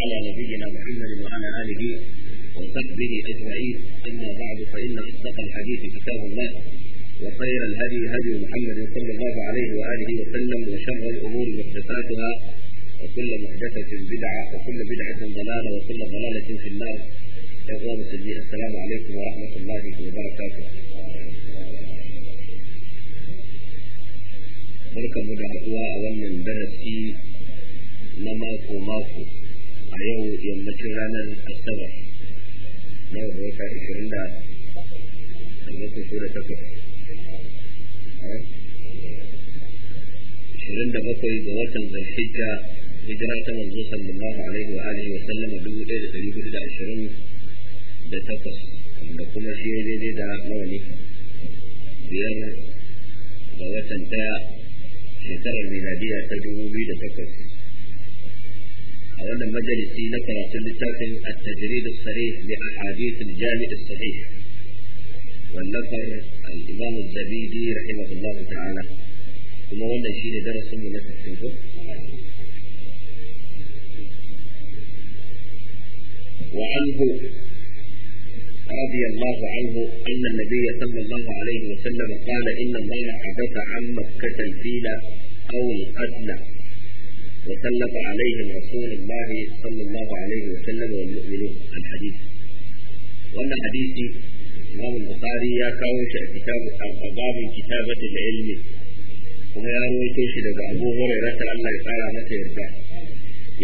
على نبينا محمد وعلى آله وصحبه أجمعين أما بعد فإن أصدق الحديث كتاب الله وخير الهدي هدي محمد صلى الله عليه وآله وسلم وشر الأمور محدثاتها وكل محدثة بدعة وكل بدعة ضلالة وكل ضلالة في النار إخوان السجين السلام عليكم ورحمة الله وبركاته بركه mu da haɗuwa a wannan darasi na mako mako a yau yammacin ranar asabar na wanda wata ishirin da watan shida takwas ishirin eh? da bakwai ga watan zalhijja hijira ta manzo sallallahu alaihi wa alihi wa sallama dubu ɗaya da ɗari hudu da ashirin da takwas da kuma shi ya daidai da mawani biyar ga watan ɗaya shekarar miladiya ta dubu biyu da takwas أولا مجلسي نقرأ تلتاك التجريد الصريح لأحاديث الجامع الصحيح والنفر الإمام الزبيدي رحمه الله تعالى ثم ولا شيء درس من التفسير وعنه رضي الله عنه أن النبي صلى الله عليه وسلم قال إن الله حدث عن مكة الفيلة أو الأدنى وسلط عليهم رسول الله صلى الله عليه وسلم والمؤمنون الحديث وأن حديثي الإمام البخاري يا كاوش كتاب باب كتابة العلم وما يروي توشي لدى أبو هريرة الله يقال متى يرجع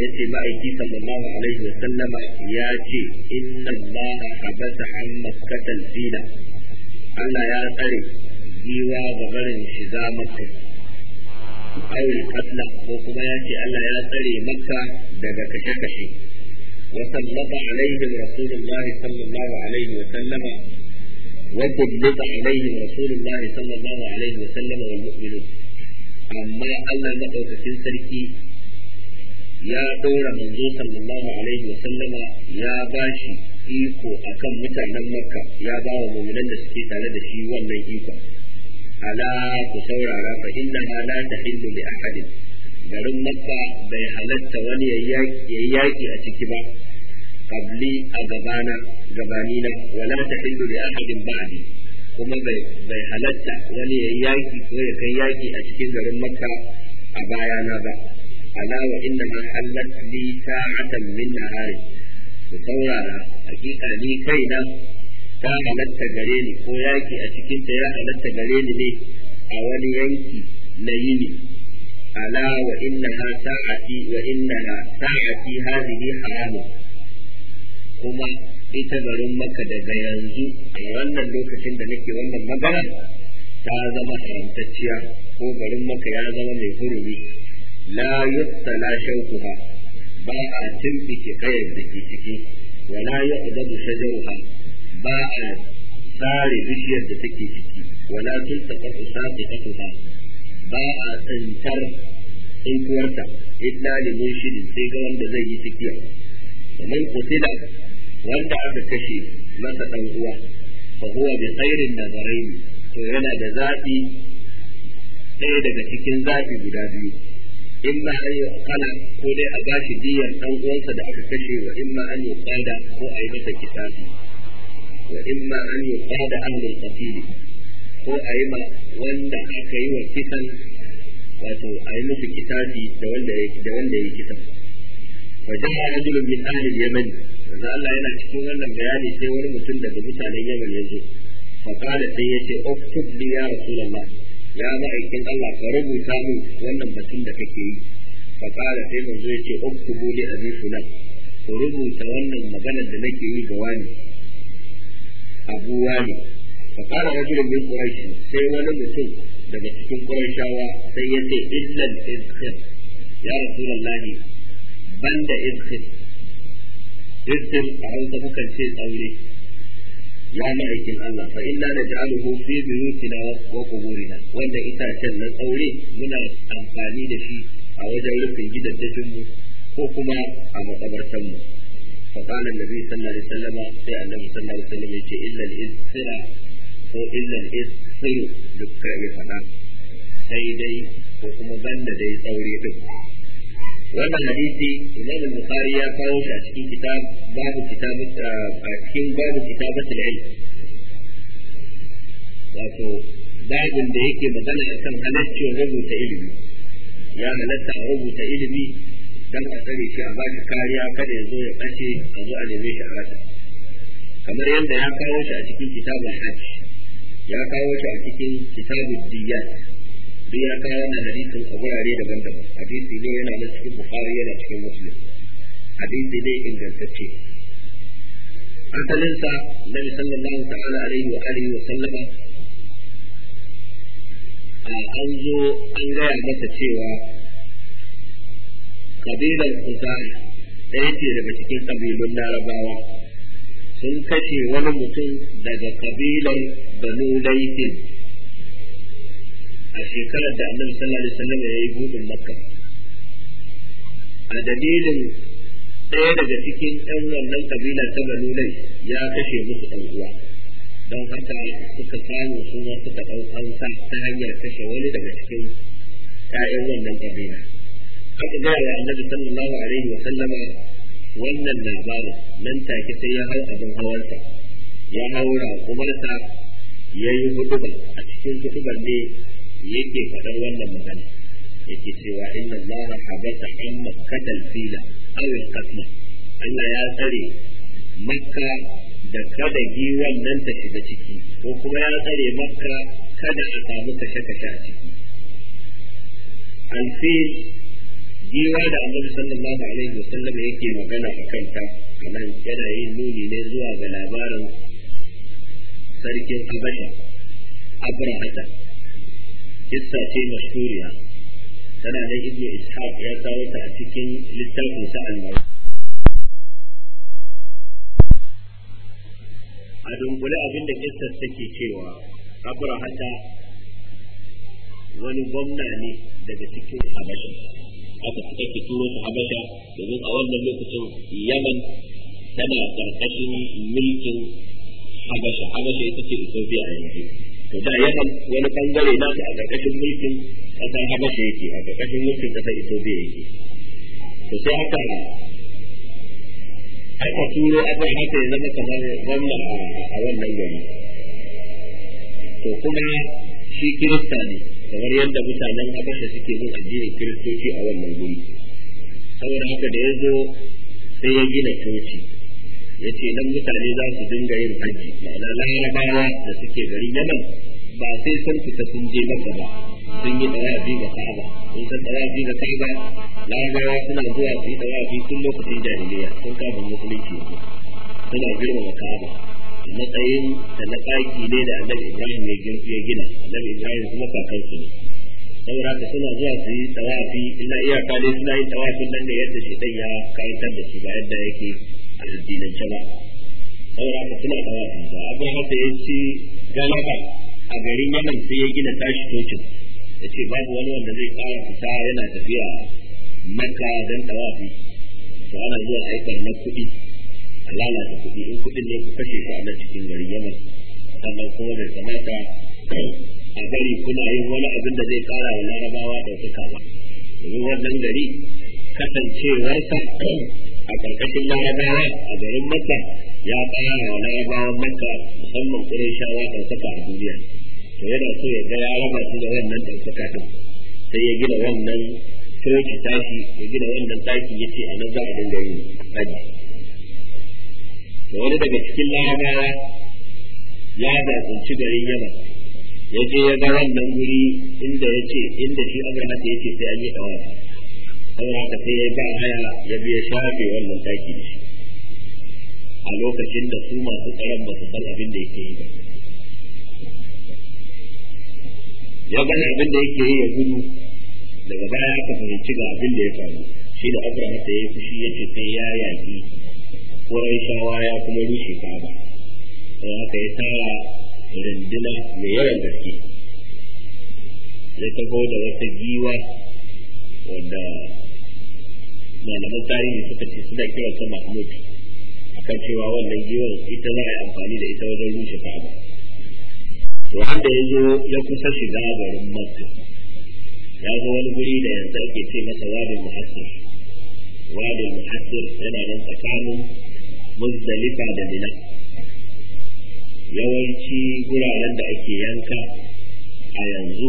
يأتي مأيكي صلى الله عليه وسلم ياتي إن الله حبس عن مكة الفيلة Allah ya tsare giwa ga barin shiga Makka awil qatla ko kuma ya ce Allah ya tsare makka daga kashe-kashe وسلط عليهم رسول الله صلى الله عليه وسلم وسلط عليهم رسول الله صلى الله عليه وسلم والمؤمنون أما ألا مدعوك في سركي يا دور منزو صلى الله عليه وسلم يا باشي إيكو أكم متعنا مكة يا باو مؤمنين سكيت على دشي وانا إيكو ala ku saurara fa innaha la tahillu li ahadin garin makka bai halatta wani yayi yaki a ciki ba qabli a gabana gabanina wala tahillu li ahadin ba'di kuma bai halatta wani yayi yaki ko ya kai yaki a cikin garin makka a bayana ba ala wa innaha halat li sa'atan min nahari ku saurara hakika ni kai na. ta halatta gare ni ko yaki a cikin ta ya halatta gare ni ne a wani yanki na yini ala wa ha sa'ati wa ha sa'ati hadhihi haramu kuma ita garin maka daga yanzu a wannan lokacin da nake wannan magana ta zama haramtacciya ko garin maka ya zama mai hurumi la yuttala shawquha ba a ke kayan da ke ciki wala yu'dabu shajaruha ba a tsare bishiyar da take ciki wala tun taɓa su sace ta ba a tsantar tsinkuwarta illa da mushiri sai ga wanda zai yi tsakiya kamar kutila wanda aka kashe masa ɗan uwa fa huwa bi khairin nazarain to yana da zaɓi ɗaya daga cikin zaɓi guda biyu in ma an yi kala ko dai a bashi diyar ɗan uwansa da aka kashe wa in ma an yi ko a yi masa kitabi wa imma an yuqada ahlul qatil ko a yi ma wanda aka yi wa kisan wato a yi musu kitabi da wanda da wanda kisan wa ja'a rajulun min ahli yaman dan Allah yana cikin wannan bayani sai wani mutum daga mutanen Yaman ya zo fa kana sai ya ce uktub li ya rasulullah ya ma'aikin Allah ka rubuta min wannan batun da yi ya ce ku rubuta wannan maganar da nake yi ga abu wani fa qala rajulun min quraish sai wani mutum daga cikin qurayshawa sai ya ce illal izkhir ya rasulullahi banda izkhir izkhir a hausa mukan ce tsaure ya ma'aikin Allah fa inna naj'aluhu fi buyutina wa quburina wanda itacen na tsaure muna amfani da shi a wajen rufin gidan dajinmu ko kuma a makabartan فقال النبي صلى الله عليه وسلم في النبي صلى الله عليه وسلم يجي إلا الإذ سرى أو إلا الإذ سيو دكا يفنا سيدي وكما بند دي ثوري دكا وانا حديثي إمام البخاري يقول في كتاب باب كتابة آه، أشكين باب كتابة العلم wato bayan da yake magana akan halatta rubuta ilimi ya halatta rubuta ilimi dan a tsare shi a ba shi kariya kada ya zo ya bace a zo a neme shi a rasa kamar yadda ya kawo shi a cikin kitabun hajji ya kawo shi a cikin kitabun diyat duk ya kawo wannan hadisin a gurare daban-daban hadisi ne yana da cikin bukhari yana cikin muslim hadisi ne ingantacce asalinsa nabi sallallahu ta'ala alaihi wa alihi wa sallama an zo an gaya masa cewa kabilar Khuzai ɗaya ce daga cikin kabilun Larabawa sun kashe wani mutum daga kabilar Banu Laifin a shekarar da Annabi sallallahu alaihi wasallam ya yi buɗin Makka a dalilin ɗaya daga cikin ɗan wannan kabila ta Banu ya kashe musu ɗanuwa don haka suka samu suna suka ɗau ta hanyar kashe wani daga cikin ƴaƴan wannan kabila aka gaya wa annabi sallallahu alaihi wa sallama wannan labarin nan take sai ya hau abin hawarsa ya haura kumarsa ya yi hutuba a cikin hutubar ne yake faɗar wannan magana yake cewa inna Allah habata an makkata fila aw al-qatla Allah ya tsare makka da kada giwan nan ta shiga ciki ko kuma ya tsare makka kada a samu kashe-kashe a ciki alfil jiwa da annabi sallallahu alaihi wasallam yake magana a kanta anan yana yin nuni ne zuwa ga labarin sarkin abada abrahata kissa ce mashhuriya tana da ibnu ishaq ya kawo ta a cikin littafin sa al a dunkule abin da kissar take cewa abrahata wani gwamna ne daga cikin habasha aka ake turo su habasha domin a wannan lokacin yaman tana karkashin mulkin habasha habasha ita ce ethiopia a yanzu to da yaman wani bangare na ta a karkashin mulkin kasar habasha yake a karkashin mulkin kasar ethiopia yake to sai haka aka turo aka haka ya zama kamar gwamna a wannan gari to kuma shi kirista ne kamar yadda mutanen habasha suke bin addinin kiristoci a wannan guri saboda haka da ya zo sai ya gina coci ya ce nan mutane za su dinga yin hajji ma'ana larabawa da suke gari yaman ba sai sun fita sun je maka ba sun yi dawafi ga kaba, sun san dawafi ga ka'aba larabawa suna zuwa su yi dawafi tun lokacin jahiliya sun kafin musulunci suna girmama kaba. matsayin da na ɗaki ne da annabi ibrahim ya ya gina annabi ibrahim kuma kakansu ne saboda haka suna zuwa su yi tawafi ina iya ne suna yin tawafin nan da yadda shi ya karantar da su ba yadda yake a addinance ba saboda haka suna tawafi ba abin haka ya ci galaba a garin yaman sai ya gina tashi tocin ya ce babu wani wanda zai kara fita yana tafiya makka don tawafi to ana zuwa aikar na kuɗi A lalata kuɗi in kuɗin ne ku kashe su a nan cikin gari yana sannan kuma bai kamata a gari kuna yin wani abin da zai kara wa larabawa ɗaukaka ba domin wannan gari kasancewarsa a ƙarƙashin larabawa a garin makka ya kara wa larabawan makka musamman kurai shawa ɗaukaka a duniya to yana so ya ga ya raba su da wannan ɗaukaka ɗin sai ya gina wannan coci tashi ya gina wannan tashi ya ce a nan za a dinga yin aji da wani daga cikin larabawa ya zaɓunci garin yaman ya je ya ga wannan wuri inda ya ce inda shi an gana ya ce sai an yi ɗawa saboda haka sai ya ba haya ya biya shafe wannan taki da shi a lokacin da su masu tsaron ba su san abin da yake yi ba ya gani abin da yake yi ya gudu daga baya aka fahimci ga abin da ya faru shi da abraham da ya fushi ya ce sai ya yaƙi Wurin shawa ya kuma rushe Ka'aba to haka ya tara rinduna mai yawan gaske Zai taho da wata giwa wanda malaman tarihi suka ce suna ta Mahmud akan cewa wannan giwar ita za a yi amfani da ita wajen rushe Ka'aba wanda ya zo ya kusa shiga garin Makka ya zo wani guri da yanzu ake ce masa wadin muhassir wadin muhassir yana nan tsakanin muzdalifa da mina yawanci guraren da ake yanka a yanzu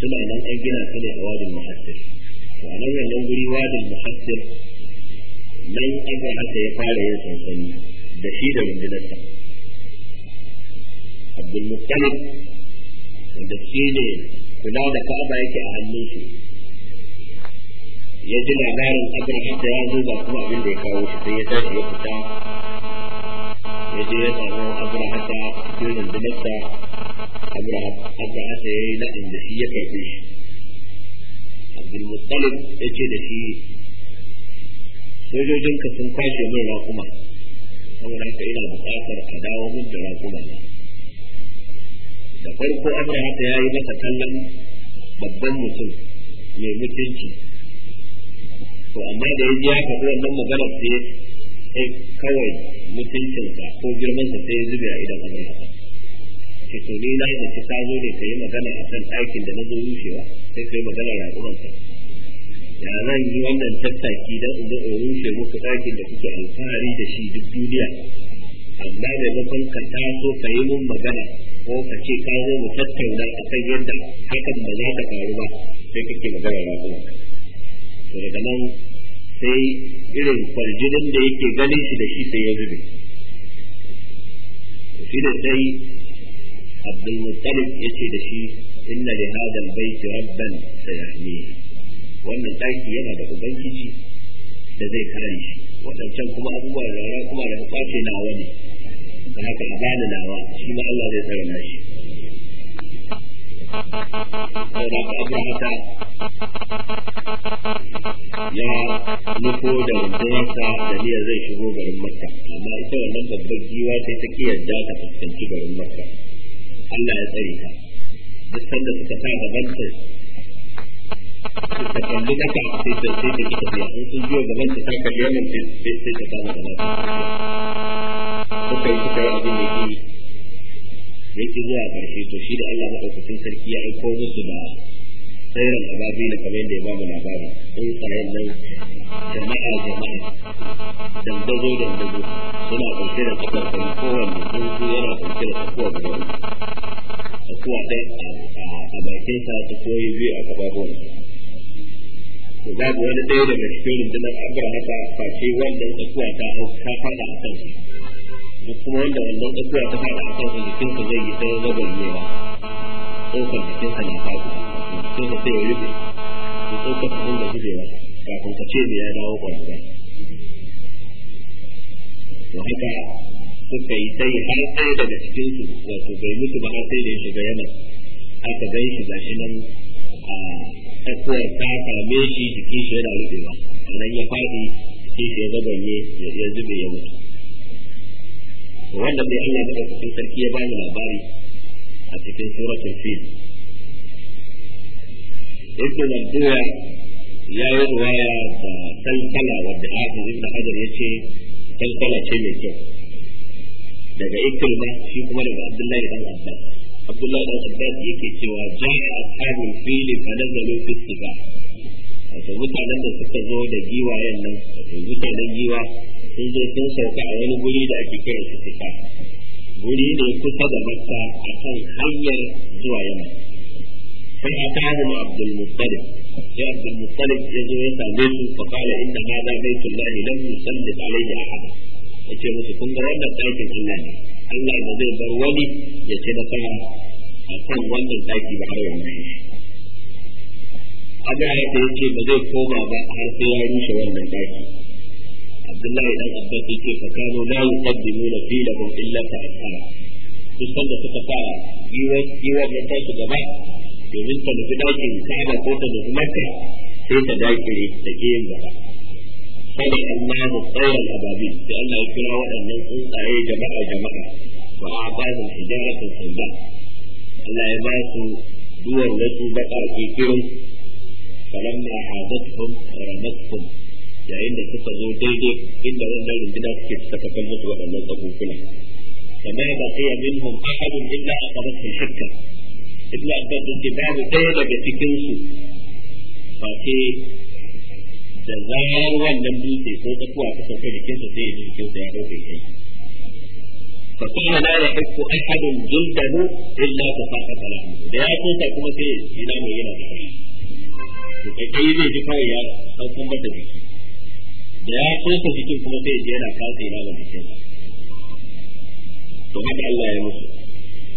suna nan an gina su ne a wadin muhassir to a nan wannan guri wadin muhassir nan aka haka ya fara yin sansani da shi da rundunarsa abdulmuttalib da shi ne kula da ka'aba yake a hannun shi ya ji labarin abin da ya zo ba kuma abin da ya kawo shi sai ya tashi ya fita ya je ya samu abin hata da rundunarsa abin hata ya yi na'in da shi ya karfe shi mutsalin ya ce da shi sojojinka sun kwashe min raƙuma saboda haka ina buƙatar ka dawo min da raƙuma da farko abin hata ya yi masa kallon babban mutum mai mutunci to amma da ya ji haka faɗi wannan magana sai sai kawai mutuncin ka ko ka sai ya zube a idan amurka ke to ni na da ta zo ne ka yi magana a kan aikin da na zo rushewa sai ka yi magana ya ka ya zan yi wannan tattaki don in zo in rushe muku ɗakin da kuke alfahari da shi duk duniya amma da nufin ka taso ka yi mun magana ko ka ce ka zo mu tattauna a kan yadda hakan ba za ta faru ba sai kake magana ya ka to daga nan sai irin farjinin da yake ganin shi da shi sai ya zube shi da sai abdul muttalib ya ce da shi inna li hada albayti rabban sayahmiha wannan daki yana da ubangiji da zai kare shi wadancan kuma abubuwa da rana kuma da kwace nawa ne don haka a bani nawa shi ma Allah zai tsare na shi saboda haka abu haka ya nufo da rundunarsa da niyya zai shigo garin makka amma ita wannan babbar giwa sai ta ki yadda ta fuskanci garin makka Allah ya tsare ta duk sanda suka sa gaban ta suka kalli naka sai ta sai ta tafiya in sun biyo gaban ta ta kalli yamin sai sai ta kama gaba suka yi suka yi abin da ke yake zuwa ƙarshe to shi da Allah maɗaukakin sarki ya aiko musu da sauran ababil kamar yadda ya bamu labari in tsayen nan jama'a jama'a dandazo dandazo suna ɗauke da tsakar kowanne tsuntsu yana ɗauke da tsakuwa ga wani tsakuwa ɗaya a sa ta koyi biyu a kafafuwansa to babu wani ɗaya daga cikin rundunar abuwa haka face wannan tsakuwa ta ta faɗa a kansa duk kuma wanda wannan tsakuwa ta faɗa a kansa jikinsa zai yi ta zagon ɗaukar jikin halitta sai ka sai ya rufe ya ɗaukar abin da kafin ka ce ya dawo kwanza to haka suka yi sai har daga cikin su wato bai mutu ba har sai da ya shiga yaman aka gan shi ga shi nan a tsakuwar ta same shi jikin shi yana a nan ya faɗi jikin shi ya ya zube ya mutu wannan mai Allah da ɗaukakin sarki ya bani labari a cikin suratul fil ibnu marduya ya yi ruwaya da kankala wadda hafiz ibn hajar ya ce kankala ce mai kyau daga ikirma shi kuma daga abdullahi dan abbas abdullahi dan abbas yake cewa ja'a ashabul fil fa nazalu fi sifa wato mutanen da suka zo da giwayen nan wato mutanen giwa sun je sun sauka a wani guri da ake kira su sifa wuri ne kusa da makka a kan hanyar zuwa yamma sai a tahu ma abdul muttalib sai abdul muttalib ya zo ya same su fa qala inna hadha baitullahi lam yusallit alayhi ahad yace musu kun ga wannan ɗakin Allah ne Allah ba zai bar wani ya ce da kana a kan wannan ɗaki ba har yanzu A Ayyub ya ce ba zai koma ba har sai ya rushe wannan ɗaki عبد الله بن عباس كيف كانوا لا يقدمون في الا تاثرا تسمى تتفاعل يوم يوم لتاك جماعه يوم انت لتدعك كان قوتا لهمك في تدعك للتجيم بها صلى الله خير الابابيل لانه يكرا وان ينقص اي جماعه جماعه واعطاه الحجاره السوداء الا يباتوا دور لتو بقى في كرم فلما حادتهم حرمتهم yayin da suka zo daidai inda wannan runduna suke saka kan musu waɗannan kafofuna kamar ba sai ya min hum ahadun illa a aqabat shakka illa abad da babu ɗaya daga cikin su fa sai da zarar wannan dutse ko tsakuwa ta sauka jikinsa sai ya ji jikinsa ya ɗauke kai فقيل لا يحب احد جلده الا تفاقد له da ya kusa kuma sai ina mai yana da kai kai zai ji kawai ya san kuma da jiki da ya tsoka jikin kuma sai je yana katse na da mutum to haka Allah ya musu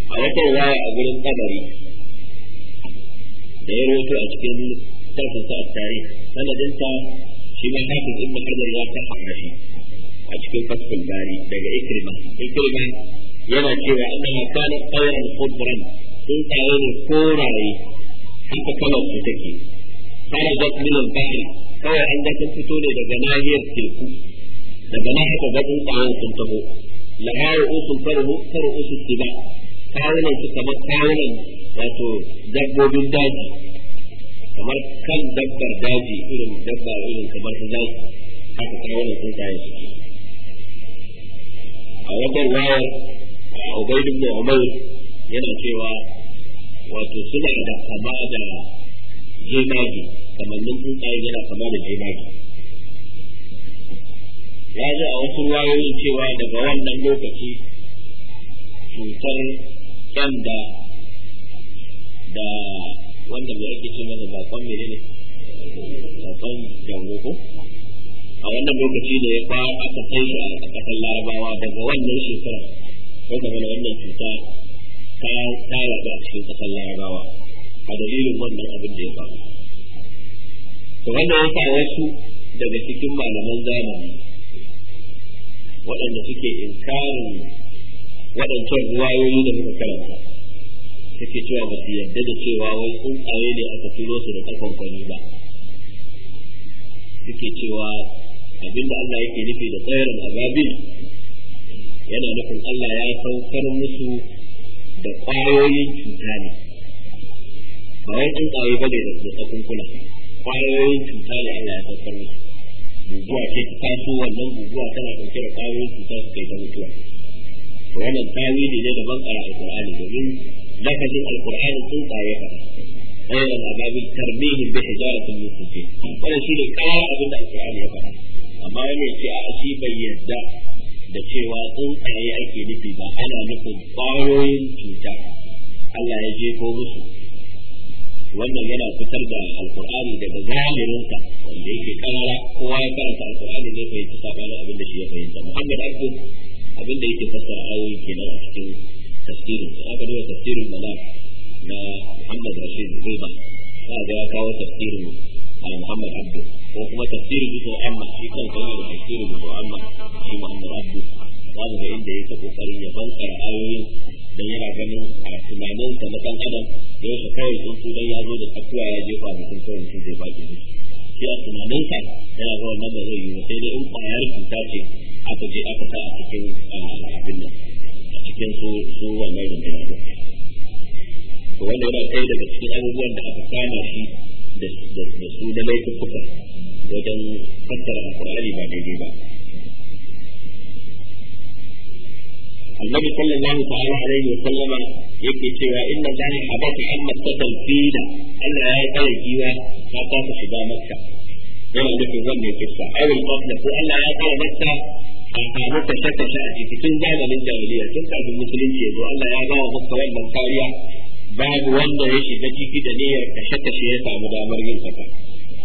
a wata waya a gurin kadari da ya rawaito a cikin tafin sa tare sanadin ta shi ma hafiz ibn hajar ya sahara shi a cikin fasfin bari daga Ikirma. Ikirma yana cewa annaha kana qawlan khudran sun tsaye ne koraye haka kalar su take fara da min al-bahr kawai an ga sun fito ne daga nahiyar teku daga nan aka ga tsuntsayen sun taho la hawo usul farhu faru usul tiba kawunan su kamar kawunan wato dabbobin daji kamar kan dabbar daji irin dabba irin kamar su zai aka kawunan tsuntsayen su a wajen wayar a ubaidin da umar yana cewa wato suna da kama da jemage kamannin tsuntsaye yana kama da daidaki ya ji a wasu wayoyin cewa daga wannan lokaci cutar kyanda da wanda mai ake ce mana bakon mene ne bakon dauro ko a wannan lokaci da ya fa aka kai a kasar larabawa daga wannan shekara ko game da wannan cuta ta yaɗa a cikin kasar larabawa a dalilin wannan abin da ya faru to wanda ya wasu daga cikin malaman zamani waɗanda suke inkarin waɗancan ruwayoyi da suka karanta suke cewa ba su yarda da cewa wai tsuntsaye ne aka turo su da kafan ba suke cewa abinda Allah yake nufi da tsayarin ababin yana nufin Allah ya saukar musu da ƙwayoyin cuta ne ba wai tsuntsaye ba ne da tsakunkuna kwayoyin cuta da Allah ya saukar musu guguwa ce ta taso wannan guguwa tana ɗauke da kwayoyin cuta su kai ta mutuwa wannan tawili ne daban a alqur'ani domin lafazin alqur'ani sun tsaye faɗa ɗaya da ababil tarbihin bi sun yi sijil wannan shi ne kawo abin da alqur'ani ya faɗa amma wani ce a shi bai yarda da cewa tsuntsaye ake nufi ba ana nufin kwayoyin cuta Allah ya je ko musu wannan yana fitar da alkur'ani daga zahirinsa wanda yake kamara kowa ya karanta alkur'ani zai fahimci sabanin abin da shi ya fahimta muhammad abdu abin da yake fassara ayoyi kenan a cikin tafsirin su aka duba tafsirin malak na muhammad rashid riba za ga ya kawo tafsirin على Abdu ko kuma tafsirin بيته أما shi كان كلام tafsirin بيته أما في محمد Abdu. zamu ga inda yake kokarin ya bankara ayoyin dan yana ganin a tunanin ta na kan adam da yake kawai in su dan ya zo da tafiya ya jefa mutum kawai mutum zai baki shi shi a tunanin ka yana ga wannan ba zai yi ba sai dai in kwayar cuta ce aka je aka kai a cikin abin nan a cikin su su wannan rundunar da to wanda yana kai daga cikin abubuwan da aka kama shi da su da laifuka wajen fassara alƙur'ani ba daidai ba النبي صلى الله تعالى عليه وسلم يكتب cewa inna dani habata amma tatal fina Allah ya kare giwa ta kasa shiga makka yana nufin wannan kissa awil qabla ko Allah ya kare makka a samu kashe kashe a cikin zamanin jahiliya tun kafin musulunci ya zo Allah ya ba wa makka wannan kariya babu wanda ya shiga da niyyar kashe kashe ya samu damar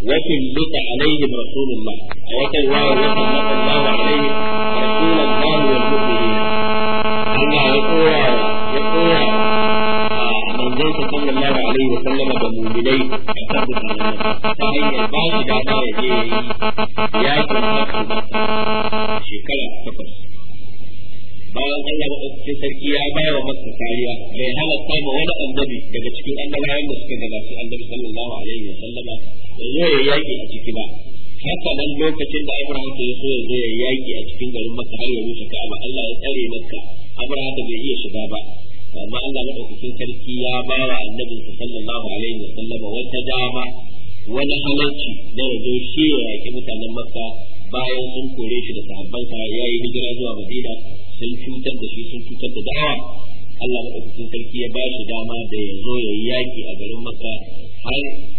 وكلك عليهم رسول الله وكل وارد الله عليهم رسول الله والمؤمنين أما يقول يقول من آه، رمضان صلى الله عليه وسلم بمؤمنين أتبه الله فهي بعض جعبا يجيه يأتي الله عليه شكرا شكرا bayan Allah ba cikin sarki ya ba wa masa kariya bai halatta ma wani annabi daga cikin annabawan da suka gabata annabi sallallahu zo ya yaki a ciki ba haka nan lokacin da Abraham ya so ya zo ya yaki a cikin garin Makka har ya rusa Ka'aba Allah ya tsare Makka Abraham bai iya shiga ba amma Allah madaukakin sarki ya ba wa annabin sallallahu alaihi wa sallama wata dama wani halarci na ya zo shi ya yaƙi mutanen Makka bayan sun kore shi da sahabbansa ya yi hijira zuwa Madina sun cutar da shi sun cutar da dawa Allah madaukakin sarki ya ba shi dama da ya zo ya yi yaki a garin Makka har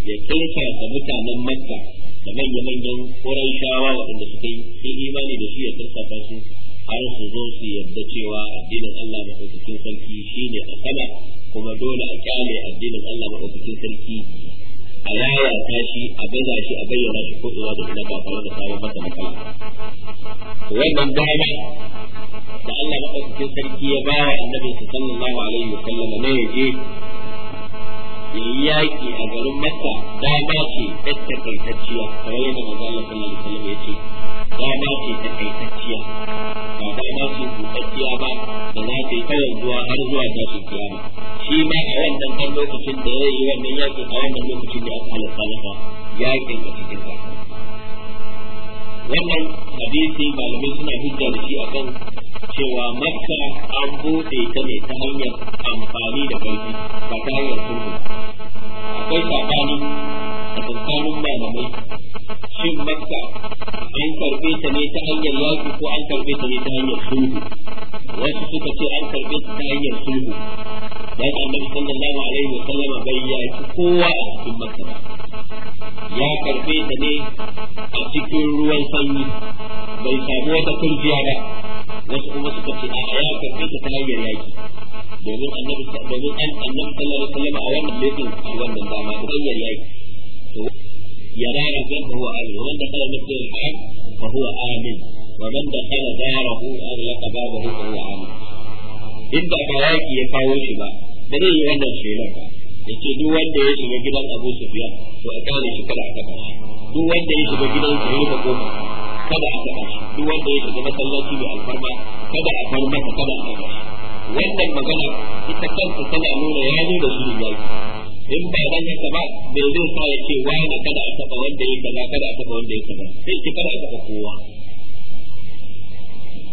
ya kirka da mutanen Makka da manya-manyan Qurayshawa waɗanda suka yi imani da shi ya kirka su har su zo su yarda cewa addinin Allah madaukakin sarki shine a sama kuma dole a kyale addinin Allah madaukakin sarki a yayata shi a baza shi a bayyana shi ko za da ina ba tare da sabon masa matsala wannan dama da Allah madaukakin sarki ya ba wa annabi sallallahu alaihi wa sallam ne ya je yaƙi a garin Makka dama ce ta takaitacciya kamar yadda manzo Allah sallallahu alaihi ya ce dama ce takaitacciya ba dama ce buɗaɗɗiya ba da za ta yi kawai zuwa har zuwa tashin kiyama shi ma a wannan kan lokacin da ya yi wannan yakin a wannan lokacin da aka halatta masa yakin a cikin sa wannan hadisi malamai suna hujja da shi akan cewa makka an buɗe ta ne ta hanyar amfani da ƙarfi ba ta hanyar sulhu akwai sabani a tsakanin malamai shin makka an karɓe ta ne ta hanyar yaƙi ko an karɓe ta ne ta hanyar sulhu wasu suka ce an karɓe ta ta hanyar sulhu da ya annabi sallallahu alaihi wa sallama bai yaki kowa a cikin makka ba ya karɓe ta ne a cikin ruwan sanyi bai samu wata kurjiya ba wasu kuma suka ce a ya karɓe ta ta hanyar yaki domin annabi domin an annabi sallallahu alaihi wasallam a wannan lokacin a wannan dama ta hanyar yaki to ya rana kan huwa amin wa man dakhala masjidal haram fa huwa amin wa man dakhala darahu aghlaqa babahu fa huwa amin inda ba yaki ya kawo shi ba ba zai yi wannan shelar ba yace duk wanda ya shiga gidan Abu Sufyan to a kare shi kada a taba shi duk wanda ya shiga gidan sa ya rufe kada a taɓa shi duk wanda ya shiga masallaci mai alfarma kada a bar masa kada a taɓa shi wannan magana ita kanta tana nuna ya nuna da su da in ba dan haka ba bai zai sa ya ce wa ne kada a taɓa wanda ya kaza kada a taɓa wanda ya kaza sai ki kada a taɓa kowa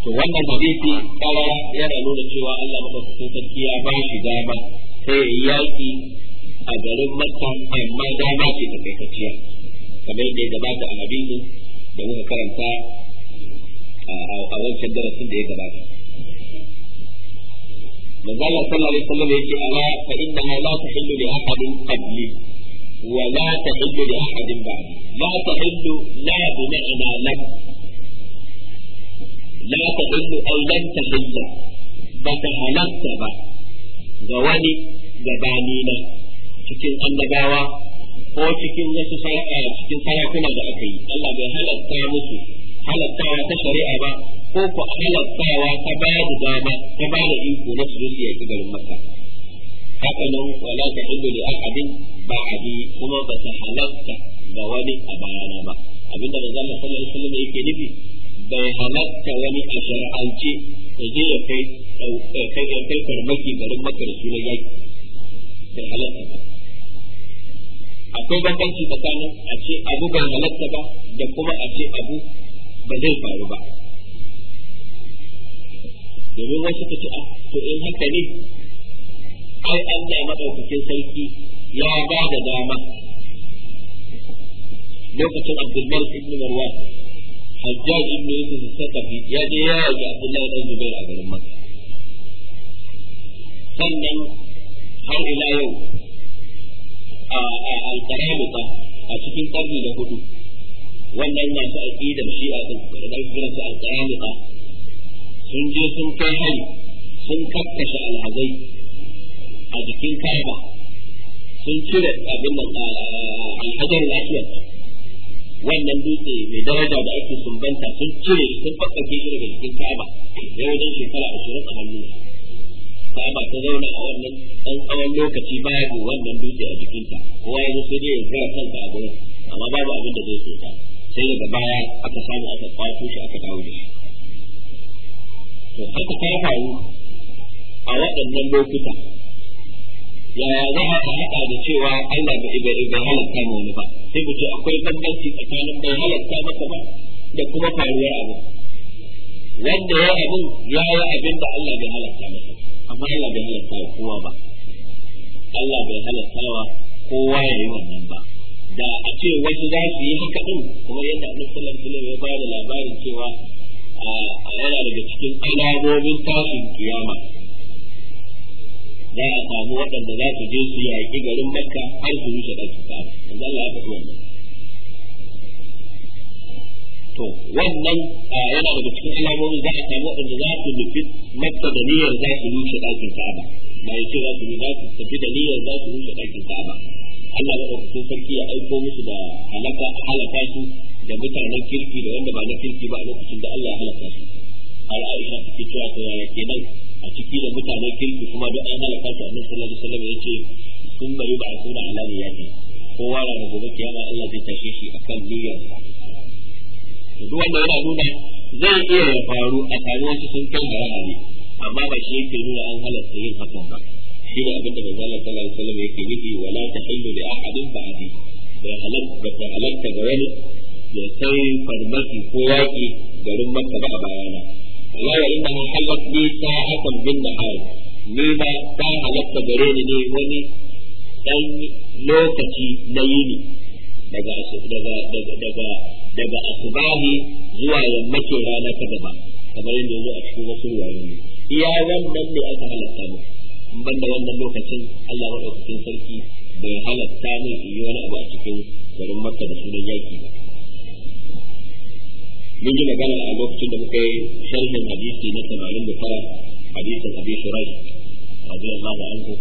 to wannan hadisi karara yana nuna cewa Allah madaukakin sarki ya ba shi dama sai ya yaki a garin Makka amma dama ce ta kai takaitacciya kamar yadda ya gabata a hadisin da muka karanta a wancan darasin da ya gabata manzo Allah sallallahu alaihi wasallam yake ala fa inna ma la tahillu li ahadin qabli wa la tahillu li ahadin ba'di la tahillu la bi ma'na lam la tahillu ay lam tahilla ba ta halatta ba ga wani gabanina cikin annabawa ko cikin wasu sarƙa cikin sarakuna da aka yi Allah bai halatta musu halattawa ta shari'a ba ko ku halattawa ta ba da dama ta ba da iko na su zuci ya ci garin maka haka nan wala da hindu li ahadin ba abi kuma ba ta halatta da wani a bayana ba abinda manzo Allah sallallahu alaihi wasallam yake nufi bai halatta wani a shari'ance ya je ya kai kai farmaki garin maka da sunan yaki bai halatta ba akwai bambanci tsakanin a ce abu bai halatta ba da kuma a ce abu ba zai faru ba domin wasu ka ce ah, to in haka ne ai Allah madaukakin sarki ya ba da dama lokacin Abdullahi, ibn Marwan Hajjaj ibn Yusuf Sakafi ya je ya yaji Abdullah ɗan Zubair a garin Makka sannan har ila yau al-qaramita a cikin karni na hudu wannan na su aqida shi'a shi a dan gina su al-qaramita sun je sun kai hari sun kakkashe alhazai a jikin Kaaba sun cire abin nan alhajar lafiya, wannan dutse mai daraja da ake sumbanta sun cire sun fakkake shi daga jikin Kaaba yau wajen shekara 20 a hannunsa Saba ta zauna a wannan ɗan tsawon lokaci baya ga wannan dutse a jikinta kowa ya zo sai dai ya gara kansa a gurin amma babu abin da zai sota sai daga baya aka samu aka kwato shi aka dawo da shi to haka ta faru a waɗannan lokuta yaya za a ta haɗa da cewa Allah ba bai halatta ma wani ba sai ku ce akwai bambanci tsakanin bai halatta maka ba da kuma faruwar abu wanda ya abin ya yi abin da Allah bai halatta masa amma Allah bai halatta wa kowa ba Allah bai halatta wa kowa ya yi wannan ba da a ce wasu za su yi haka din kuma yadda Annabi sallallahu alaihi ya bayar da labarin cewa a yana daga cikin alamomin tashin kiyama za a samu waɗanda za su je su yaƙi garin Makka har su rushe ɗauki ta. Allah ya faɗi wannan. to wannan eh, yana daga cikin alamomin za a samu waɗanda za su nufi makka da niyyar za su rushe ɗakin ka'aba ba ya ce za su za su tafi da niyyar za su rushe ɗakin ka'aba Allah ya ɗaukakin sarki ya aiko musu da halaka halaka su da mutanen kirki da wanda ba na kirki ba a lokacin da Allah ya halaka su har Aisha take cewa to yaya kenan a ciki da mutanen kirki kuma duk an halaka su Annabi sallallahu alaihi wasallam yace sun bari ba a sura alani yafi kowa ranar gobe kiyama Allah zai tashe shi akan niyyarsa duk wanda yana nuna zai iya ya faru a tare wasu sun kai haraha ne amma ba shi yake nuna an halatta yin hakan ba shi ne abinda manzo Allah sallallahu alaihi wasallam yake nufi wala tahillu li ahadin ba'di da halatta da halatta ga wani ya sai farmaki ko yaki garin Makka ba a bayana Allah ya inna man halat bi sa'atan bin nahar ni ma ta halatta gare ni ne wani dan lokaci na yini daga daga daga daga asbahi zuwa yammacin rana ta gaba kamar yadda yazo a cikin wasu ruwayoyi iya wannan ne aka halatta mu banda wannan lokacin Allah madaukakin sarki bai halatta mu yi wani abu a cikin garin Makka da sunan yaki mun ji magana a lokacin da muka yi sharhin hadisi na 89 hadisin Abi Shuraih Allah anhu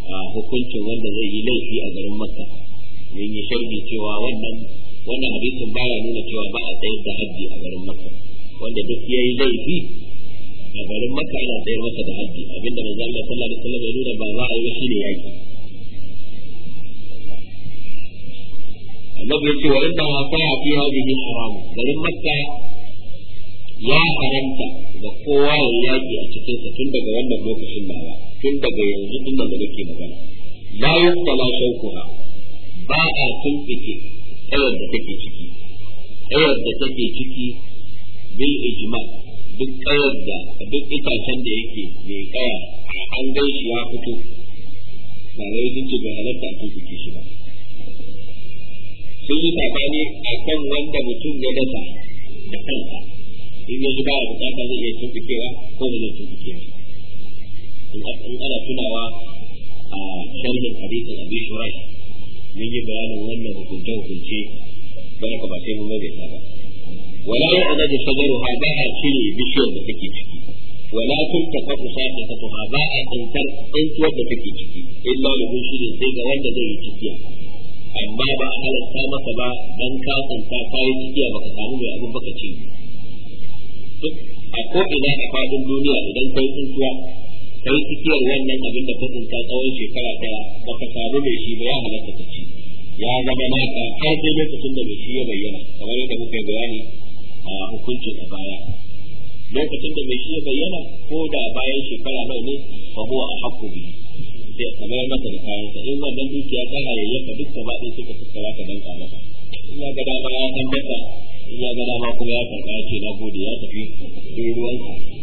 a hukuncin wanda zai yi laifi a garin Makka mun yi sharhi cewa wannan wannan hadisin baya nuna cewa ba a tsayar da haji a garin maka wanda duk yayi laifi a garin maka ana tsayar masa da haji abinda manzo Allah sallallahu alaihi wasallam ya nuna ba za a yi shi ne yaki Allah ya ce wa inna ma sa'a fi hadhihi haram garin makka ya haramta ga kowa ya yaki a cikin sa tun daga wannan lokacin ba tun daga yanzu tun da nake magana la yusala shawkuha ba a tunkike ayar da take ciki ayar da take ciki bil ijma duk ayar da duk itacen da yake da ya kaya an gan shi ya fito ba wai sun ce bai halatta a tuke shi ba sun yi sabani a kan wanda mutum ya dasa da kansa in ya ji da bukata zai iya tuntukewa ko ba zai tuntuke in ana tunawa a sharhin hadisin abin shura'i mun yi bayanin wannan hukunce hukunce don haka ba sai mun mai ta ba wala ya ada da shagaru ha ba a cire bishiyar da take ciki wala kun ta kafa sake kafa ha ba a tsantar tsantuwar da take ciki illa da ne sai ga wanda zai yi ciki. amma ba a halatta masa ba dan ka tsanta ka ciki, cikiya baka samu mai abin baka ce a ko ina a faɗin duniya idan kai tsantuwa kai tsakiyar wannan abin da ka tsinta tsawon shekara daya ka samu mai shi ba ya halatta ka ci ya zama ka har sai lokacin da mai shi ya bayyana kamar yadda muka yi bayani a hukuncin a baya lokacin da mai shi ya bayyana ko da bayan shekara nawa ne ba huwa a haƙƙo bi sai a kamar masa da kayansa in wannan dukiya ta hayayyafa duk gaba ɗaya suka tattara ka danka masa in ya ga dama ya san daka in ya ga dama kuma ya karɓa ya ce na gode ya tafi sai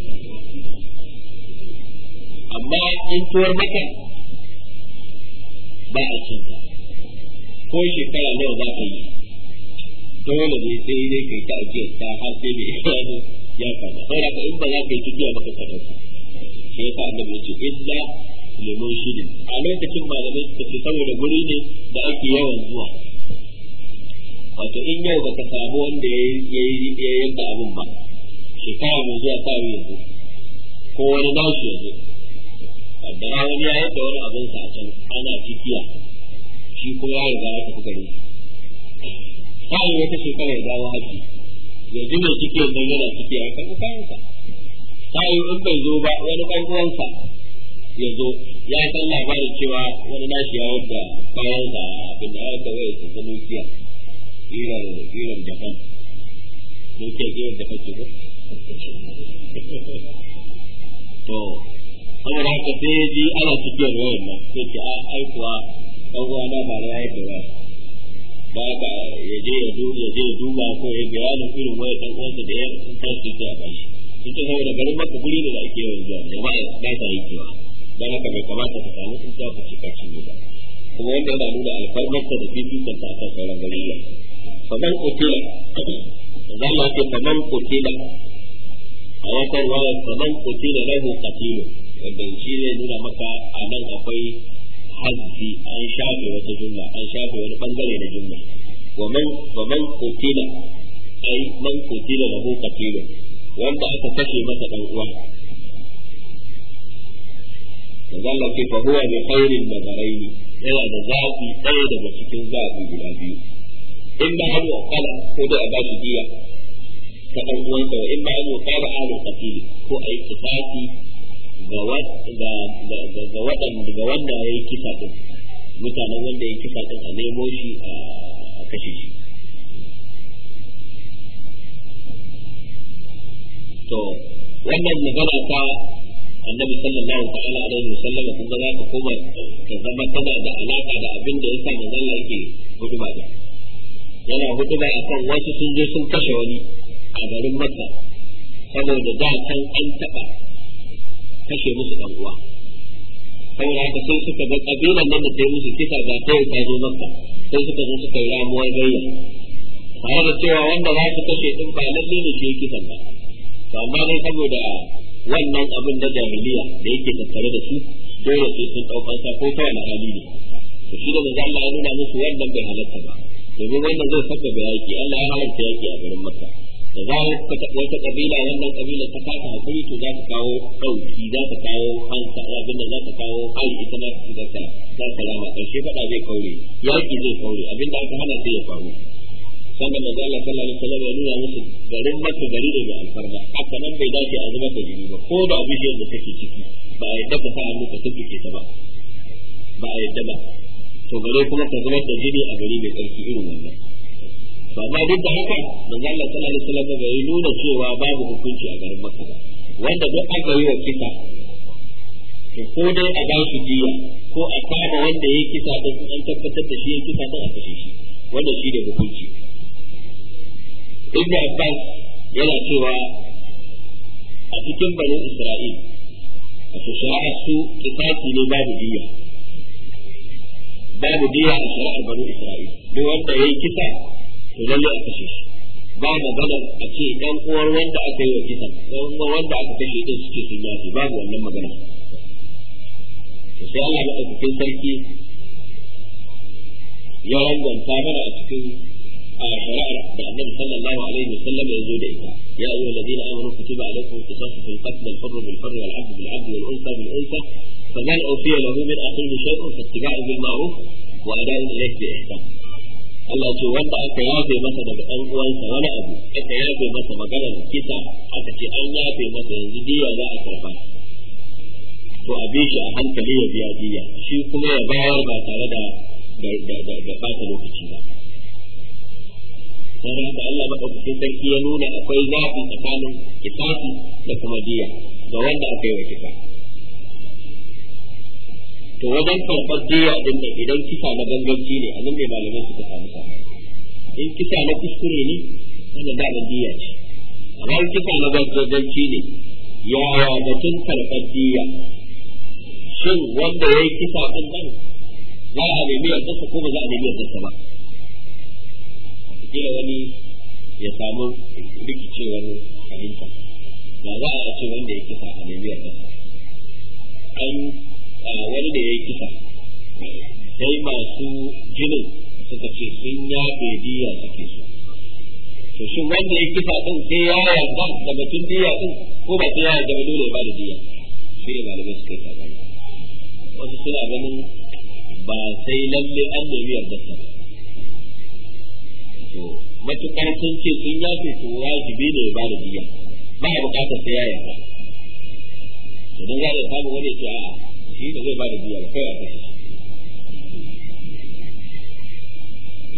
amma in tuwar maka ba a cin ta ko shekara nawa za ka yi dole ne sai dai kai ta ajiye ta har sai mai ihrami ya kama sai da in ba za ka yi tafiya baka ta shi yasa annabi ya ce illa lemon shi ne a lokacin da Ka ce saboda guri ne da ake yawan zuwa wato in yau ba ka samu wanda ya yi yadda abin ba shekara mai zuwa yi yanzu ko wani nashi yanzu kaddara wani ya yadda wani abin sa can ana cikiya shi ko ya riga ya tafi gari sa'in wata shekara ya dawo haji ya ji mai cike nan yana cike ya karɓi kayansa sa'in in bai zo ba wani ɗan uwansa ya zo ya san labarin cewa wani nashi ya wadda kayansa abin da ya wadda waya ta zama siya iran iran japan ne ke iran japan ce to saboda haka sai ya ji ana cikin wayar nan sai a aikuwa ɗan uwana ba na yadda waya ba ka ya je ya duba ya je ya duba ko ya irin ɗan uwansa da ya saboda garin maka guri ne da ake yawan zuwa ba ta yi don haka bai kamata ka samu ku kuma yadda yana nuna alfarmarsa da ta akan sauran faman kutila ce faman kutila a wata ruwa faman kutila wanda shi ne nuna maka a nan akwai haddi an shafe wata jumla an shafe wani bangare na jumla ومن kotila ai man kotila da ko قتيل wanda aka kashe masa dan uwa zalla ce fa huwa bi khairin nazaraini yana da zafi ɗaya daga cikin zafi guda biyu in ma an yuqala ko da ba shi diya ta dan uwansa in ma an yuqala alu qatil ko ai tufafi? ga waɗanda ga wanda ya yi kisa ɗin mutanen wanda ya yi kisa ɗin a nemo shi a kashe shi to wannan magana ta annabi sallallahu ta'ala alaihi wasallam kun ga za ka koma ka zama tana da alaka da abin da yasa manzon Allah yake huduma da yana huduma akan wasu sun je sun kashe wani a garin Makka saboda da kan an taba kashe musu dan uwa saboda haka sai suka ga kabilan nan da ta yi musu kisa ba ta yi ta zo maka sai suka zo suka yi ramuwar gayya tare da cewa wanda za su kashe din ba lalle ne shi kisan ba to amma dai saboda wannan abin da jahiliya da yake tattare da su dole sai sun ɗaukar sa ko ta wani hali ne to shi da manzo Allah ya nuna musu wannan bai halatta ba domin wannan zai saka bayaki Allah ya halarta yaki a garin Makka da zarar wata kabila wannan kabila ta kasa hakuri to za ta kawo ɗauki za ta kawo hanta abinda za ta kawo hali ita ma su za ta za ta lama ƙarshe faɗa zai kaure yaƙi zai kaure abin da aka hana sai ya faru sannan da Allah sallallahu alaihi wasallam ya nuna musu garin maka gari da alfarma haka nan bai dace a zuba ta jini ba ko da abin da take ciki ba a yadda ta sa hannu ka tumbuke ta ba ba a yadda ba to gare kuma ka zuba ta jini a gari mai tsarki irin wannan Ba amma duk da haka manzo Allah sallallahu alaihi wasallam bai nuna cewa babu hukunci a garin Makka wanda duk aka yi wa kisa to ko dai a bashi diya ko a kama wanda ya kisa din an tabbatar da shi ya kisa din a kashe shi wanda shi ne hukunci Ibn Abbas yana cewa a cikin bani Isra'il a shari'ar su kisasi ne babu diya babu diya a shari'ar bani Isra'il duk wanda ya yi kisa to lalle a kashe shi ba maganar a ce ɗan uwar wanda aka yi wa kisan ɗan uwar wanda aka kashe ɗin suke sun yafi babu wannan magana sai Allah maɗaukakin sarki ya rangwanta mana a cikin a shari'ar da annabi sallallahu alaihi wasallam ya zo da ita ya ayyuhal ladina amanu kutiba alaykum qisas fil qatl al hurr bil hurr wal 'abd bil 'abd wal unsa bil unsa faman ufiya lahu min akhihi shay'un fattiba'u bil ma'ruf wa ada'u ilayhi bi ihsan Allah ce wanda aka yafe masa daga ɗan uwansa wani abu aka yafe masa maganar kisa aka ce an yafe masa yanzu diya za a karɓa to a bi shi a hankali ya biya diya shi kuma ya bayar ba tare da da lokaci ba sai haka Allah madaukakin sarki ya nuna akwai zafi tsakanin kisasi da kuma diya ga wanda aka yi wa kisa to wajen karɓar diya ɗin nan idan kisa na ganganci ne a nan ne malamai suka samu sa in kisa na kuskure ne wannan daman diya ce amma in kisa na ganganci ne yaya batun karɓar diya shin wanda ya yi kisa ɗin nan za a nemi dasa ko ba za a nemi dasa ba kila wani ya samu rikicewar fahimta ba za a ce wanda ya kisa a nemi dasa. an wani da ya yi kisa sai masu jinin suka ce sun ya diya suke so to shi wanda ya kisa din sai ya yarda da batun diya din ko ba sai ya yarda ba dole ya bada diya shi ne malamai suka yi sabani wasu suna ganin ba sai lalle an nemi yardarsa to matukar sun ce sun yafe to wajibi ne ya bada diya ba a bukatar sai ya yarda idan za a samu wani ke a'a shi da zai ba da biya kai a kai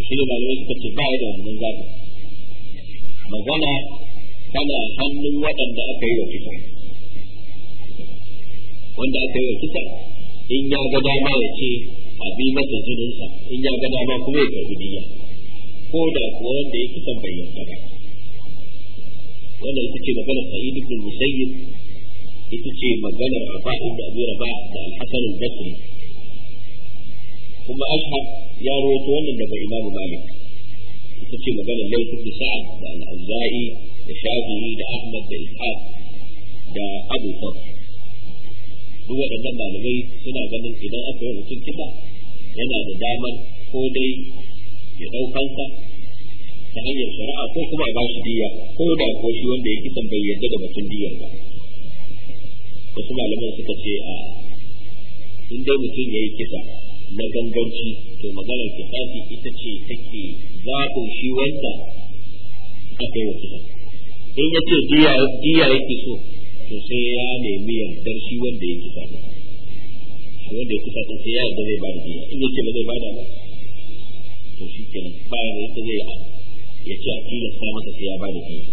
shi ne malamai suka ce ba ya da wannan zaɓi magana tana hannun waɗanda aka yi wa kisa wanda aka yi wa kisa in ya ga dama ya ce a bi masa jininsa in ya ga dama kuma ya karbi niyya ko da kuwa wanda ya kisan bai ba wannan ita ce maganar sa'id ibn musayyib ita ce maganar rafa da abu raba da alhassan al kuma ashab ya rawaito wannan daga imamu malik ita ce maganar laifin da sa'ad da al-azza'i da shafi'i da ahmad da ishaq da abu fadl duk waɗannan malamai suna ganin idan aka yi mutum kisa yana da damar ko dai ya ɗaukansa ta hanyar shari'a ko kuma a ba shi diya ko da ko shi wanda ya kisan bai yarda da mutum diyar ba wasu malaman suka ce a in dai mutum ya yi kisa na ganganci to maganar kisafi ita ce take zaɓin shi wanda aka yi wa kisa in ya ce diya yake so to sai ya nemi yardar shi wanda ya kisa shi wanda ya kisa ɗin sai ya yarda zai ba da diya in ya ce ba zai ba da ba to shi kenan bayan da zai ya ce a tilasta masa sai ya ba da diya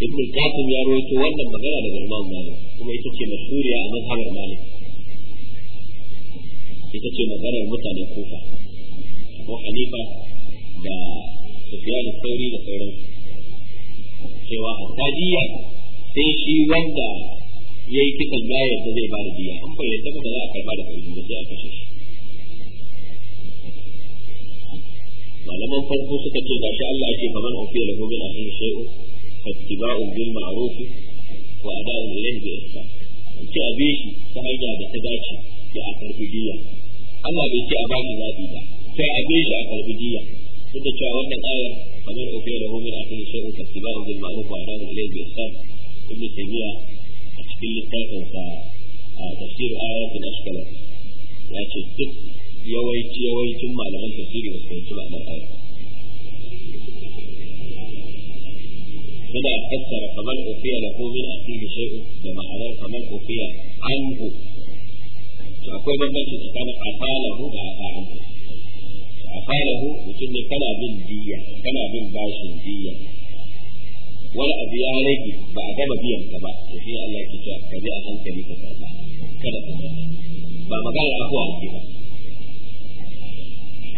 ibn qasim ya rawaito wannan magana daga imam malik kuma ita ce mashhuriya a mazhabar malik ita ce maganar mutane kufa ko halifa da sufyan sauri da sauran cewa hasadiya sai shi wanda ya yi kisan ya yarda zai bada diya an bai yarda ba za a karba da karfi da sai a kashe shi malaman farko suka ce gashi Allah ya ce faman ofiya gobe min akhihi shay'un اتباع بالمعروف واداء اليه باحسان ce a shi ta hanya da ta dace ya a karbi diya Allah bai ce a ba shi zabi ba sai a shi a diya duk da cewa wannan ayar kamar ofe da homin a kan shi'un kasiba a gulma uku a ranar ilai bai sa ibn tabiya a cikin littafin sa a tafsirin ayar ya ce duk yawancin malaman tafsiri ba su fahimci ma'anar بلا كسر فمن أفيا له من أخيه شيء كما علم فمن أفيا عنه فأقول من بنت سكان عفا له وعفا عنه عفا له وتن كلا من دية كلا من باش دية ولا أبيا لك بعد ما بيا كما وفي الله كتاب كما أهل كريم كما كلا فما قال الأخوة عنك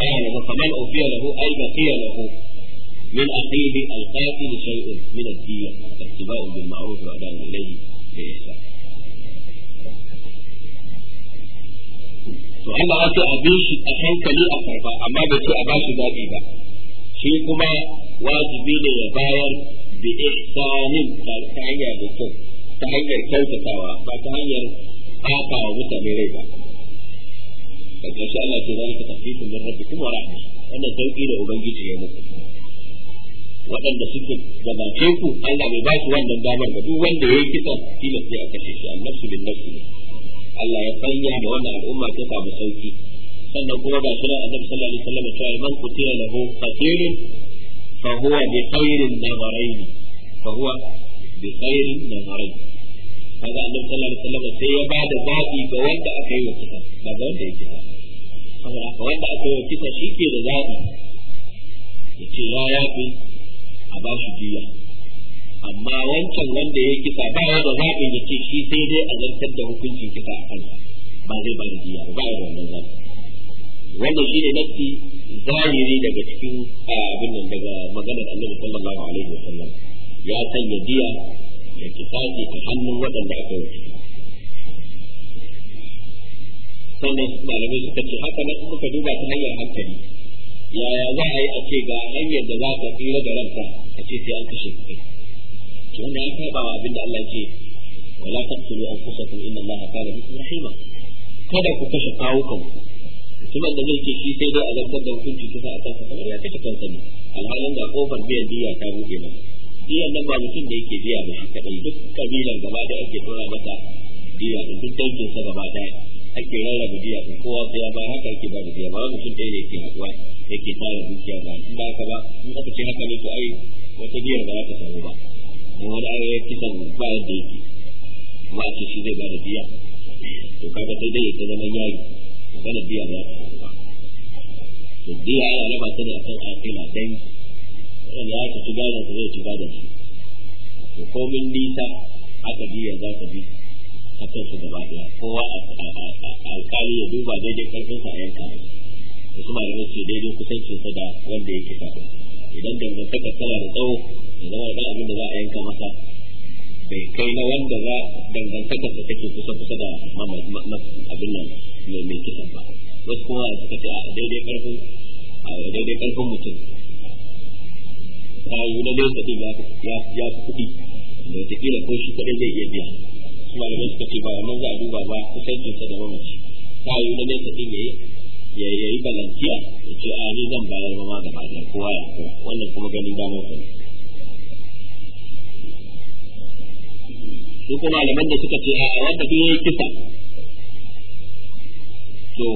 قال فمن أفيا له أي نقيا له من للأخيب القاتل شيء من الدية اتباع بالمعروف وأداء إليه بإحسان to Allah ya ce abin shi a hankali a karba amma bai ce a bashi zaɓi ba shi kuma wajibi ne ya bayar bi ihsanin ta hanya da kyau ta hanyar kyautatawa ba ta hanyar ɓata wa mutane rai ba daga shi Allah ce zalika tafsirun min rabbikum wa rahmah wannan sauki da ubangiji ya muku waɗanda suke gabace ku Allah bai ba shi wannan damar ba duk wanda ya yi kisan kila sai a kashe shi annabsu bin nafsi Allah ya sanya da wannan al'umma ta samu sauki sannan kuma ga shi annabi sallallahu alaihi wasallam ya ce man kutila lahu qatilun fa huwa bi khairin nazarain fa huwa bi khairin nazarain kaga annabi sallallahu alaihi wasallam sai ya ba da zaɓi ga wanda aka yi wa kisa ba ga wanda ya kisa saboda wanda aka yi wa kisa shi ke da zaɓi. ya ce ya yafi a ba shi jiya amma wancan wanda ya kisa ba ya da zaɓin ya ce shi sai dai a zartar da hukuncin kisa a kansa ba zai ba da jiya ba ya da wannan zaɓi wannan shi ne nafi zahiri daga cikin abin nan daga maganar annabi sallallahu alaihi wa sallam ya sanya jiya da kisafi a hannun waɗanda aka yi sannan malamai suka ce haka nan muka duba ta hanyar hankali yaya za a yi a ce ga hanyar da za ka tsira da ranka a ce sai an kashe kai to wanda ya saba wa abinda Allah ke, wala taqtulu anfusakum inna Allaha kana bikum rahima kada ku kashe kawukan mutumin da zai ce shi sai dai a zartar da hukunci kusa a kan kamar ya kashe kansa ne alhalin da kofar biyan diya ta buɗe ba, diyan nan ba mutum da yake biya ba shi kadai duk kabilan gaba da ake tura mata diya da duk dangin sa gaba daya ake rarraba diya kowa sai ya ba haka ake ba da diya ba mutum ɗaya ne ke haɗuwa yake tara dukiya ba in ba haka ba in aka ce haka ne to ai wata biyar ba za ta samu ba don wani ai ya kisan ba yadda yake ba ce shi zai ba da biya to kaga sai dai ta zama yayi magana biya ba ta samu ba to biya ana raba ta ne akan akila dan dan ya ta ci gadon zai ci gadon shi to komin nisa aka biya za ta bi a da gaba daya kowa alkali ya duba daidai sa a yanka wasu malamai ce daidai kusancin sa da wanda yake ta idan dangantaka tana da tsawo da zama da abin da za a yanka masa bai kai na wanda za dangantaka sa take kusa kusa da abin nan mai kisan ba wasu kuma suka ce a daidai karfin a daidai karfin mutum kayu na nesa din ya fi kuɗi da wataƙila ko shi kaɗai zai iya biya su malamai suka ce ba wannan za a duba ba kusancin sa da mamaci kayu na nesa din ya yi ya yi balantiya ya ce a ni zan bayar ba da ba kowa ya ko wannan kuma gani damar ku su kuma malaman da suka ce a wanda duk yayi kisa to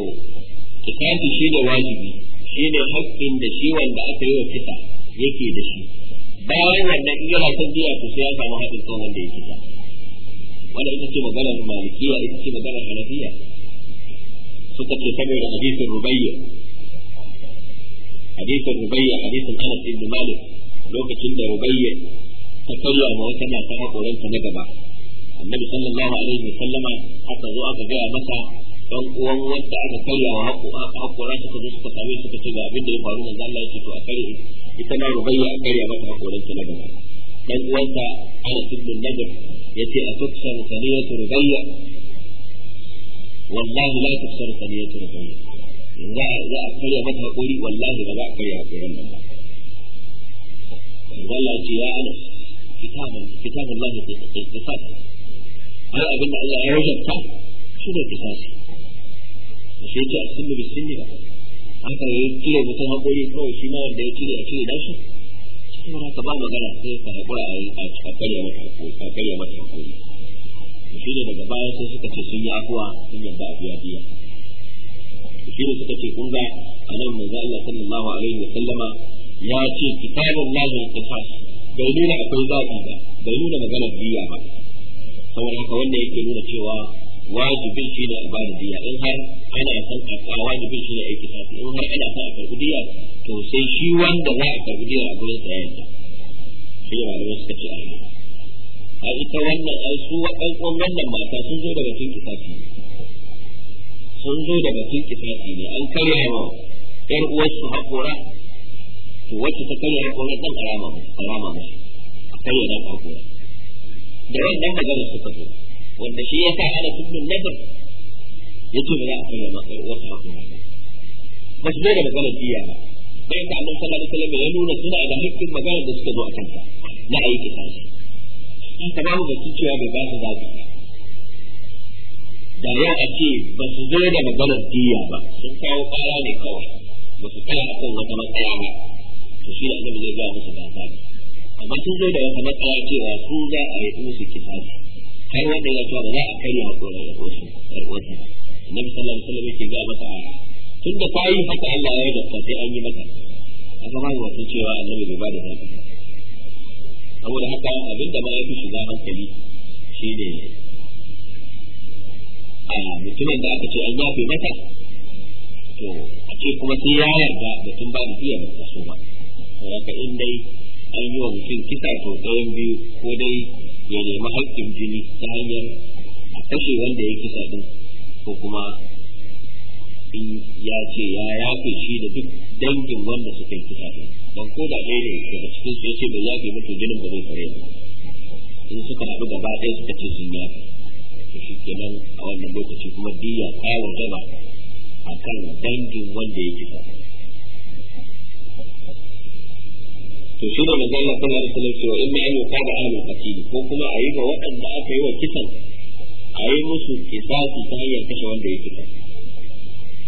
kitabi shi ne wajibi shi ne haƙƙin da shi wanda aka yi wa kisa yake da shi bayan wannan in yana son biya to sai ya samu haɗin kan wanda ya kisa wanda ita ce maganar malikiya ita ce maganar hanafiya suka ce saboda hadisin rubayya hadisin rubayya hadisin anas ibn malik lokacin da rubayya ta kalla ma wata mata hakoranta na gaba annabi sallallahu alaihi wa sallama aka zo aka gaya masa dan uwan wanda aka kalla wa hakora suka zo suka same suka ce ga abin da ya faru manzo Allah ya ce to a kare ita na rubayya a kare mata hakoranta na gaba dan uwanta anas ibn nadir yace a tuksa saniyatu rubayya wallahi la tafsir qaliyatu rabbi za za a karya mata hakuri wallahi ba za a karya hakurin ba Allah ce ya ana kitabun kitabun Allah ke ai abin Allah ya rubuta shi ne kitabi shi ce a sunni bisunni ba an karya cire mutum hakuri kawai shi wanda ya cire a cire dashi saboda ka ba magana sai ka a mata shi ne daga baya sai suka ce sun yi afuwa sun yarda a biya biya shi ne suka ce kun ga anan manzo Allah sallallahu alaihi wa sallama ya ce kitabun lahi qisas bai nuna akwai zabi ba bai nuna maganar biya ba saboda haka wanda yake nuna cewa wajibin shi ne a bada diya in har ana san a wajibin shi ne a yi in har ana son a karbi diya to sai shi wanda za a karbi diya a gurin sa ya yarda shi ne malamai suka ce a yi a ita wannan ai su waɗansu wannan mata sun zo daga cikin kitafi sun zo daga cikin kisafi ne an karya ma ƴar uwarsu haƙora to wacce ta karya haƙora ɗan alama alama mai a karya ɗan haƙora da wannan magana suka zo wanda shi ya sa ana tunan nadar ya ce ba za a karya ma ƴar uwarsu haƙora ba su zo da magana biya ba sai da annabi sallallahu alaihi ya nuna suna da hakkin magana da suka zo a kanta na aiki kisafi in ka bamu batun cewa bai ba su zaɓi da yau a ce ba su zo da maganar diya ba sun kawo ƙara ne kawai ba su tsaya akan wata matsaya ne to shi da annabi zai gaya musu gasa ne amma sun zo da wata matsaya cewa su za a yi musu kitabi har wanda ya cewa ba za a karya a haƙorin yarwarsu yarwarsu annabi sallallahu alaihi wasallam yake gaya masa a tun da kayi haka Allah ya yarda sai an yi maka aka ba mu cewa annabi bai ba da zaɓi ba. saboda haka da ma ya fi shiga hankali shi ne a mutumin da aka ce an yafe mata to a ce kuma sai ya yarda mutum ba mutum ya mata so ba haka in dai an yi wa mutum kisa to ɗayan biyu ko dai ya nemi haƙƙin jini ta hanyar a kashe wanda ya kisa din ko kuma in ya ce ya yafe shi da duk dangin wanda suka yi kisa don ko da ɗaya ne daga cikin su ya ce bai yafe mutu jinin ba zai kare ba in suka haɗu gaba ɗaya suka ce sun yafe to shi kenan a wannan lokaci kuma diya ta wajaba a kan dangin wanda ya kisa to shi ne manzo Allah sallallahu alaihi wasallam cewa inna an yuqada ahlul qatil ko kuma a yi ga waɗanda aka yi wa kisan a yi musu kisasi ta hanyar kashe wanda ya kisa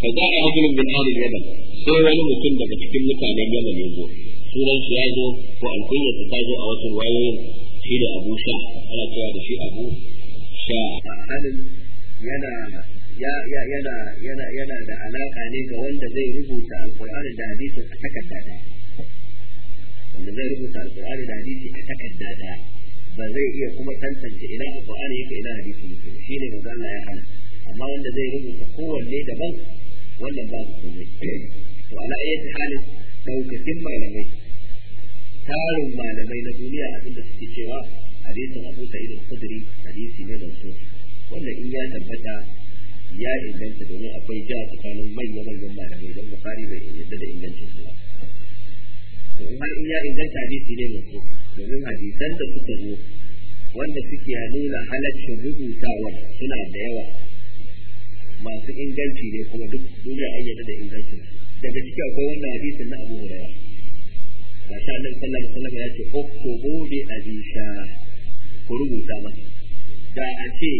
فجاء رجل من آل اليمن sai wani mutum daga cikin mutanen yaman ya zo sunan shi ya zo ko alkunyar ta zo a wasu wayoyin shi abu sha ana cewa da shi abu sha yana da alaka ne ga wanda zai rubuta alqur'ani da a takarda da ba zai iya kuma tantance idan alqur'ani yake ina hadisi yake shi ne manzo ya hana amma wanda zai rubuta kowanne daban wannan ba su komai to ala ta halin daukakin malamai tarin malamai na duniya abinda suke cewa hadisin Abu Sa'id al-Khudri hadisi ne da su wanda in ya tabbata ya inganta domin akwai ja tsakanin manyan manyan malamai don Bukhari bai yadda da ingancin su ba to in har in ya inganta hadisi ne da su domin hadisan da suka zo wanda suke nuna halaccin rubutawa suna da yawa masu inganci ne kuma duk duniya an yadda da inganci daga ciki akwai wannan hadisin na Abu Hurairah ga shi Annabi sallallahu alaihi wasallam ya ce uktubu bi abisha ku rubuta masa da a ce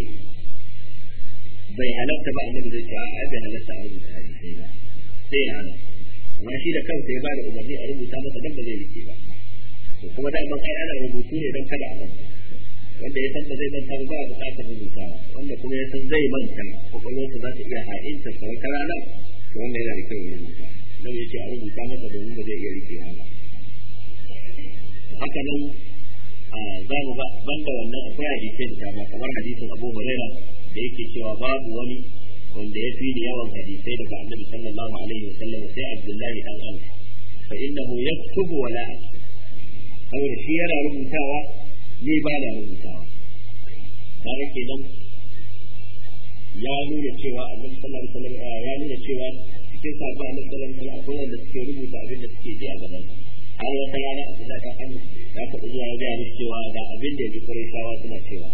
bai halatta ba annabi zai ce a bai halatta a rubuta hadisai ba sai ya hana amma shi da kansa ya ba da umarni a rubuta masa dan ba zai rike ba kuma da kai ana rubutu ne don kada a manta wanda ya san ba zai manta ba ba bukatar rubuta wanda kuma ya san zai manta kwakwalwarsa za ta iya ha'inta ta wata rana to wanda yana da kyau ne rubuta nan ya ce a rubuta masa domin ba zai iya rikewa ba haka nan za mu banda wannan akwai hadisai da dama kamar hadisin abu huraira da yake cewa babu wani wanda ya fi da yawan hadisai daga annabi sallallahu alaihi wa sallam sai abdullahi dan anas fa innahu yaktubu wala saboda shi yana rubutawa ne ba na rubutawa kare kenan ya nuna cewa a sallallahu alaihi wasallam eh, ya nuna cewa cikin sabon a nan salar wasallam akwai wanda suke rubuta abin da suke ji a gaban har wata yana a cikin ta an ya taɓa zuwa ya gaya cewa ga abin da yanzu shawa suna cewa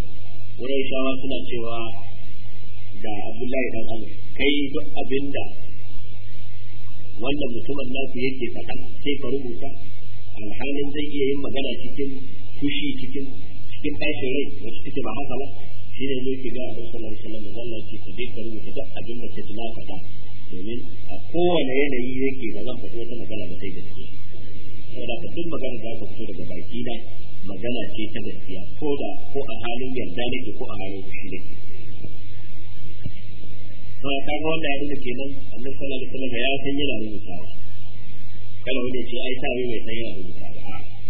shawa suna cewa da Abdullahi dan Amr kai duk abin da wannan mutumin nasu yake faɗa sai ka rubuta alhalin zai iya yin magana cikin fushi cikin cikin tashin rai wacce take ba haka ba shi ne yake ga Annabi sallallahu alaihi wasallam Allah ce ka dai karu ka duk abin da kaji na faɗa domin a kowane yanayi yake ba zan faɗi wata magana ba sai gaskiya saboda ka duk magana da ka fito daga baki na magana ce ta gaskiya ko da ko a halin yarda nake ko a halin fushi nake to ka ga wanda ya rubuta kenan Annabi sallallahu alaihi wasallam ya san yana rubutawa kala wanda ya ce ai ta mai san yana rubutawa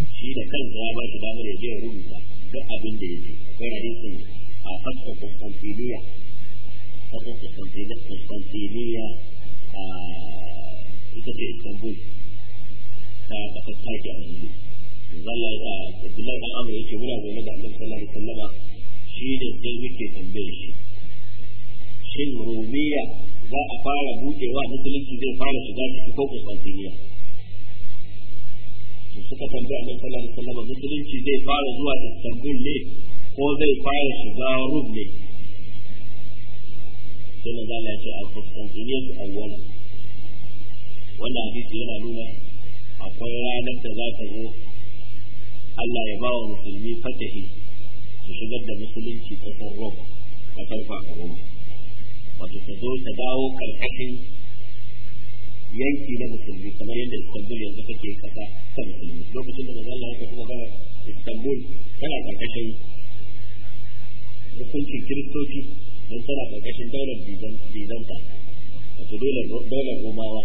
shi da kansa ya ba shi damar ya je ya rubuta duk abin da yake kai hadisin a fasta A fasta Constantiniya a ita ce Istanbul ta kasar Turkey a yanzu zalla ya Abdullahi dan Amr yake muna zaune da Annabi sallallahu alaihi wasallama shi da sai muke tambaye shi shin rumiya za a fara buɗewa musulunci zai fara shiga ciki ko suka tambaye annabi sallallahu alaihi wasallam musulunci zai fara zuwa Istanbul ne ko zai fara shiga Rum ne sai manzo Allah ya ce al-Constantiniyya awwal wannan hadisi yana nuna akwai ranar da za ta zo Allah ya ba wa musulmi fatahi su shigar da musulunci kasar Rom kasar Fakaroma wato ta zo ta dawo karkashin yanki na musulmi kamar yadda Istanbul yanzu take kasa ta musulmi lokacin da manzon ya kuma ba Istanbul tana karkashin hukuncin kiristoci don tana karkashin daular bizanta wato daular romawa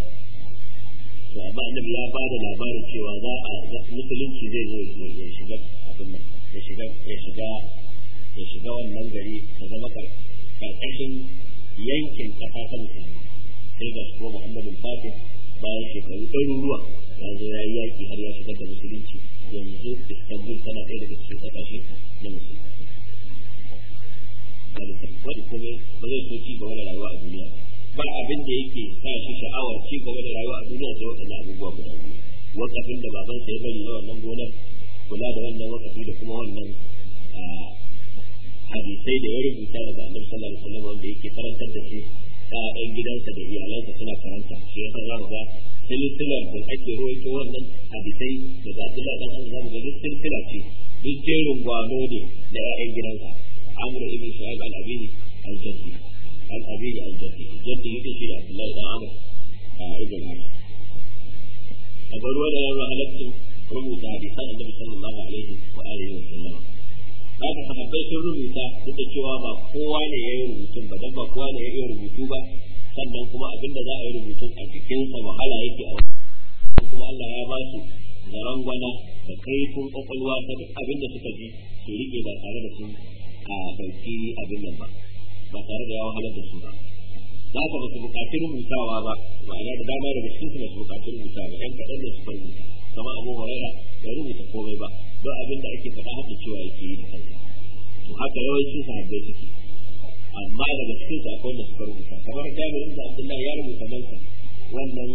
to amma annabi ya bada labarin cewa za a musulunci zai zo ya shiga abin nan ya shiga ya shiga ya shiga wannan gari ya zama karkashin yankin kasa ta musulmi sai ga kuma muhammadin fatih bayan shekaru ruwa ya zo ya yi yaƙi har ya shigar da musulunci yanzu istanbul tana ɗaya daga cikin ƙasashe na musulunci wani kuma ba zai so ci gaba da rayuwa a duniya ba abin da yake sa shi sha'awar ci gaba da rayuwa a duniya sai waɗannan abubuwa guda wakafin da babansa ya bari na wannan gonar kula da wannan wakafi da kuma wannan ah, hadisai da ya rubuta daga annabi sallallahu alaihi wasallam wanda yake karantar da shi ƴaƴan gidansa da iyalansa suna karanta shi yasa za mu ga silsilar da ake rawaito wannan hadisai da ba su ladan an zamu ga silsila ce duk jerin gwano ne da ƴaƴan gidansa amru ibn shu'aib al-abini al-jaddi al-abini al-jaddi jaddi yake shi Abdullahi da Amr a ibn a bar wannan yana halaccin rubuta hadisan annabi sallallahu alaihi wa alihi wa sallam haka sahabbai sun rubuta suka cewa ba kowa ne ya yi rubutun ba dan ba kowa ne ya yi rubutu ba sannan kuma abin da za a yi rubutun a sa wahala yake a wani kuma Allah ya ba su da gwana da kaifin kwakwalwa ta duk abin da suka ji su rike ba tare da sun a ɗauki abin nan ba ba tare da ya wahalar da su ba za ka basu bukaci rubutawa ba ba ma'ana da dama da cikin su basu bukaci rubutawa ba ɗan kaɗan ne su rubuta kamar abubuwa yana bai rubuta komai ba don abin da ake faɗa haka cewa yake yi da kansa to haka yawancin sahabbai suke amma daga cikin su akwai da suka rubuta kamar jami'in ibn abdullahi ya rubuta mansa wannan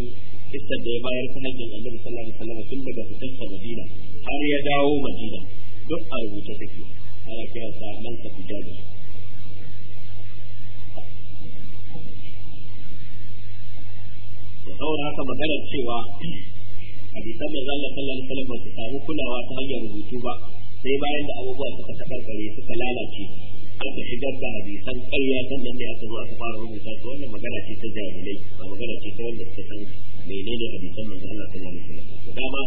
kissar da ya bayar ta hanyar annabi sallallahu alaihi wasallam tun daga fitarsa madina har ya dawo madina duk a rubuce take ana kiran sa mansa fitar da haka maganar cewa hadisan da zalla sallallahu alaihi wasallam ba su samu kulawa ta hanyar rubutu ba sai bayan da abubuwa suka takarkare suka lalace aka shigar da hadisan ƙarya sannan da aka zo aka fara rubuta su wannan magana ce ta jahilai ba magana ce ta wanda suka san menene hadisan da zalla sallallahu alaihi wasallam dama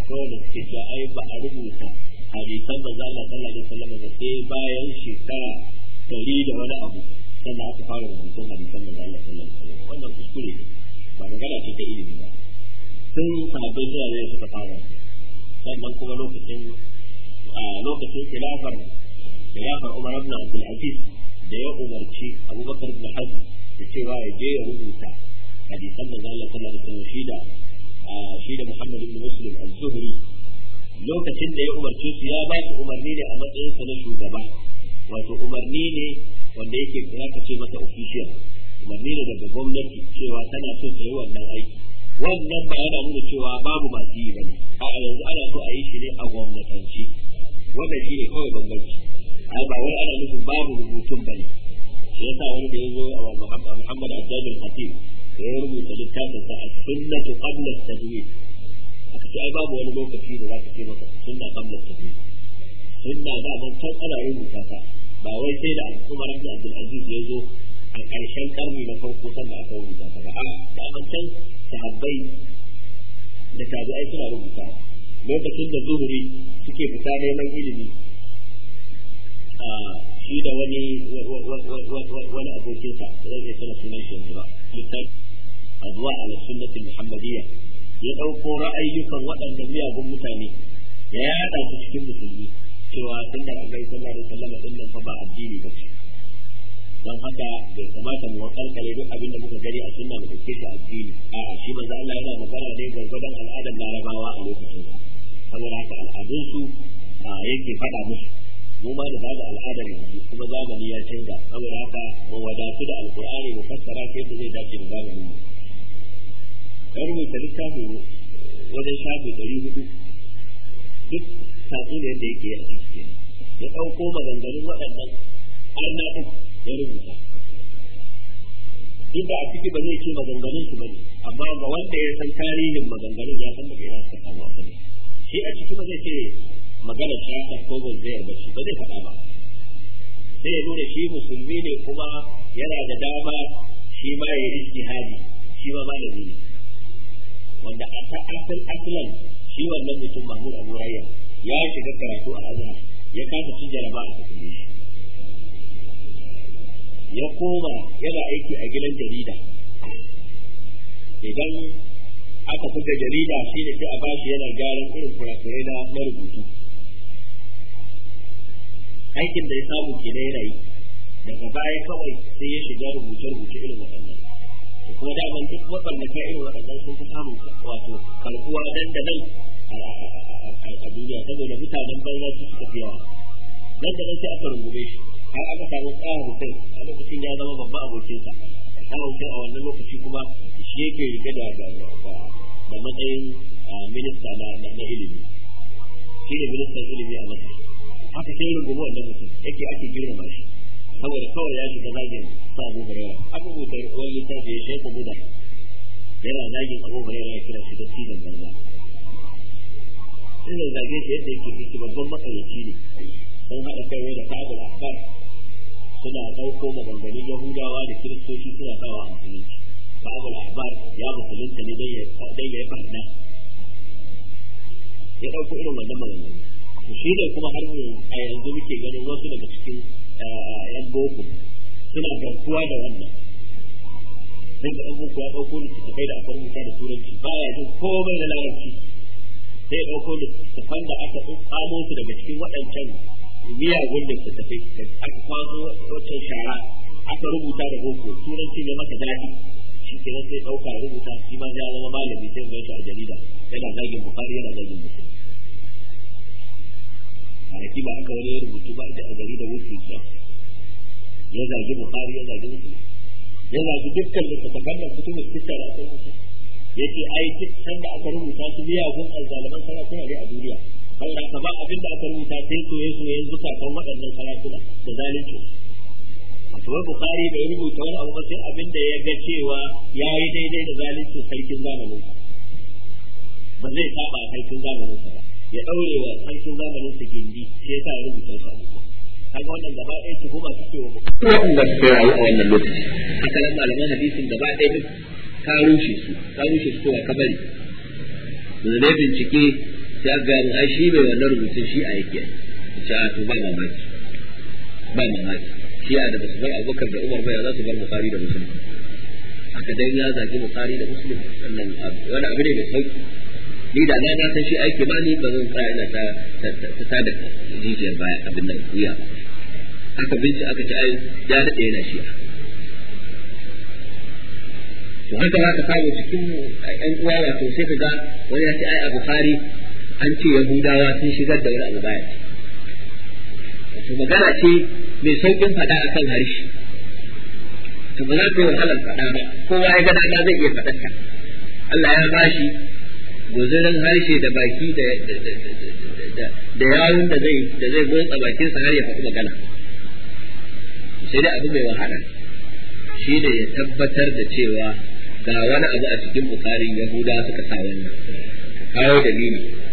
akwai wanda suke cewa ai ba a rubuta hadisan da zalla sallallahu alaihi wasallam da sai bayan shekara dari da wani abu sannan aka fara rubutun hadisan da zalla sallallahu alaihi wasallam wannan kuskure ba magana ce ta ilimi ba tun sahabbai zuwa ne suka fara sannan kuma lokacin lokacin khilafar khilafar Umar ibn Abdul Aziz da ya umarci Abubakar ibn Hazm da cewa ya je ya rubuta hadisan da Allah sallallahu alaihi wasallam shi da shi da Muhammad ibn Muslim al-Zuhri lokacin da ya umarci su ya ba su umarni ne a matsayin sa na shugaba wato umarni ne wanda yake za ka ce masa official umarni ne daga gwamnati cewa tana so ta yi wannan aiki wannan ba yana nuna cewa babu masu yi bane a yanzu ana so a yi shi ne a gwamnatance wannan shi ne kawai bambanci a ba wai ana nufin babu rubutun bane shi sa wani da ya zo a Muhammad Abdul Khatib ya rubuta littafin sa a sunnatu qabla tadwin aka ce ai babu wani lokaci da za ka ce maka sunna qabla tadwin sunna da ban kan ana rubuta ta ba wai sai da Umar Abdul Aziz ya zo a ƙarshen karni na farko sanda aka rubuta ta ba a da abincin sahabbai da tabi'ai suna rubuta lokacin da zuhuri suke fita neman ilimi a shi da wani wani abokinsa zai iya tana sunan shi yanzu ba littafi a zuwa ala sunnatul muhammadiyya ya ɗauko ra'ayyukan waɗanda miyagun mutane ya yaɗa su cikin musulmi cewa sunnar annabi sallallahu da wasallam din nan fa ba addini ba ce don haka bai kamata mu kalkale duk abin da muka gani a sunna da take shi addini a shi manzo Allah yana magana ne gwargwadon al'adar larabawa a lokacin saboda haka al'adun su yake faɗa musu mu ba da babu al'adar yanzu kuma zamani ya canza saboda haka mu wadatu da alqur'ani mu fassara ke da zai dace da Kar mu ya rubuta littafi wajen shafi dari hudu duk tatsuniyar da yake a ciki ya ɗauko maganganun waɗannan har na uku ya rubuta duk da a ciki ba zai ce maganganun su bane amma ga wanda ya san tarihin maganganun ya san da kai su kama ba shi a ciki ba zai ce magana ta ta ko ba zai shi, ba zai faɗa ba sai ya nuna shi musulmi ne kuma yana da dama shi ma ya yi ijtihadi shi ma malami ne wanda a ta asal asalan shi wannan mutum Mahmud Abu Rayyan ya shiga karatu a Azhar ya kasa cin jaraba a cikin shi ya koma yana aiki a gidan jarida idan aka fita jarida shi ne sai a bashi yana gyaran irin kurakurai na marubutu aikin da ya samu kenan yana yi daga baya kawai sai ya shiga rubuce-rubuce irin waɗannan kuma daman duk waɗanda ka irin waɗannan sun fi samun wato karkuwa nan da nan a duniya saboda mutanen banza su suka fiya yawa nan da nan sai aka rungume shi har aka samu tsaya hussein a lokacin ya zama babba abokinsa tsaya hussein a wannan lokaci kuma shi yake rike da da matsayin minista na ilimi shi ne ministan ilimi a masa haka sai rungumi wannan mutum yake ake girmama shi saboda kawai ya shiga zagin sa abu hurera abu hurera wani littafi ya shaikhu buda yana zagin abu hurera ya kira shi da cizon banza sai zage shi yadda yake ciki babban matsayaci ne sun haɗa kai da kabul akbar suna ɗauko maganganun yahudawa da kiristoci suna kawo a musulunci ka'abul ahbar ya musulunta ne dai ya yi fahimta. ya ɗauko irin wannan maganganu shi ne kuma har a yanzu muke ganin wasu daga cikin yan eh, eh, boko suna garkuwa da wannan sai da yan boko ya ɗauko kai da akwai mutane da turanci baya jin komai na larabci sai ya ɗauko littattafan da aka tsamo su daga cikin waɗancan miyagun tafi aka kwazo wancan shara aka rubuta da boko turanci ne maka daɗi shi ke sai ɗauka rubuta shi ma ya zama malami sai ga shi a jarida yana zagin bukari yana zagin bukari a yaki ba aka wani rubutu ba da a jaridar wuce ba ya zagi bukari ya zagi wiki ya zagi dukkan littattafan da mai kisa da aka rubuta ya Yake ai duk sanda aka rubuta su miyagun alzalaman sarakuna ne a duniya saboda ba abin da aka rubuta sai soye soyen zukatan waɗannan sarakuna da zalunci kamar bukari da ya rubuta wani abu sai abin da ya ga cewa ya yi daidai da zalunci sarkin zamanin ba zai saba sarkin zamanin ba ya daure wa sarkin zamanin sa gindi sai ya sa ya rubuta shi kaga wannan gaba ɗaya ki kuma suke wa wanda suka rayu a wannan lokaci haka nan malaman hadisin gaba ɗaya duk ka rushe su ka rushe su ko ka bari da bincike sai gaya mun ai shi mai wannan rubutun shi a yake ce a to ba mamaki ba mamaki shi a da basu bar abubakar da umar baya za su bar bukari da musulmi aka dai ya zagi bukari da musulmi wannan wani abu ne mai sauki ni da na na san shi aiki ba ni ba zan tsaya ina ta ta ta da jijiyar baya abin nan kuya aka binci aka ci ai ya daɗe yana shi to haka za ka samu cikin ƴan uwa wato sai ka ga wani ya ce ai a bukari an ce yahudawa sun shigar da wani abu wato magana ce mai saukin faɗa akan harshe to ba za ka yi wahalar faɗa ba kowa ya gada na zai iya faɗar ta Allah ya bashi guzurin harshe da baki da da yawun da zai da zai motsa sa har ya faɗi magana sai dai abu mai wahala shi ne ya tabbatar da cewa ga wani abu a cikin bukari yahuda suka sa wannan kawo dalili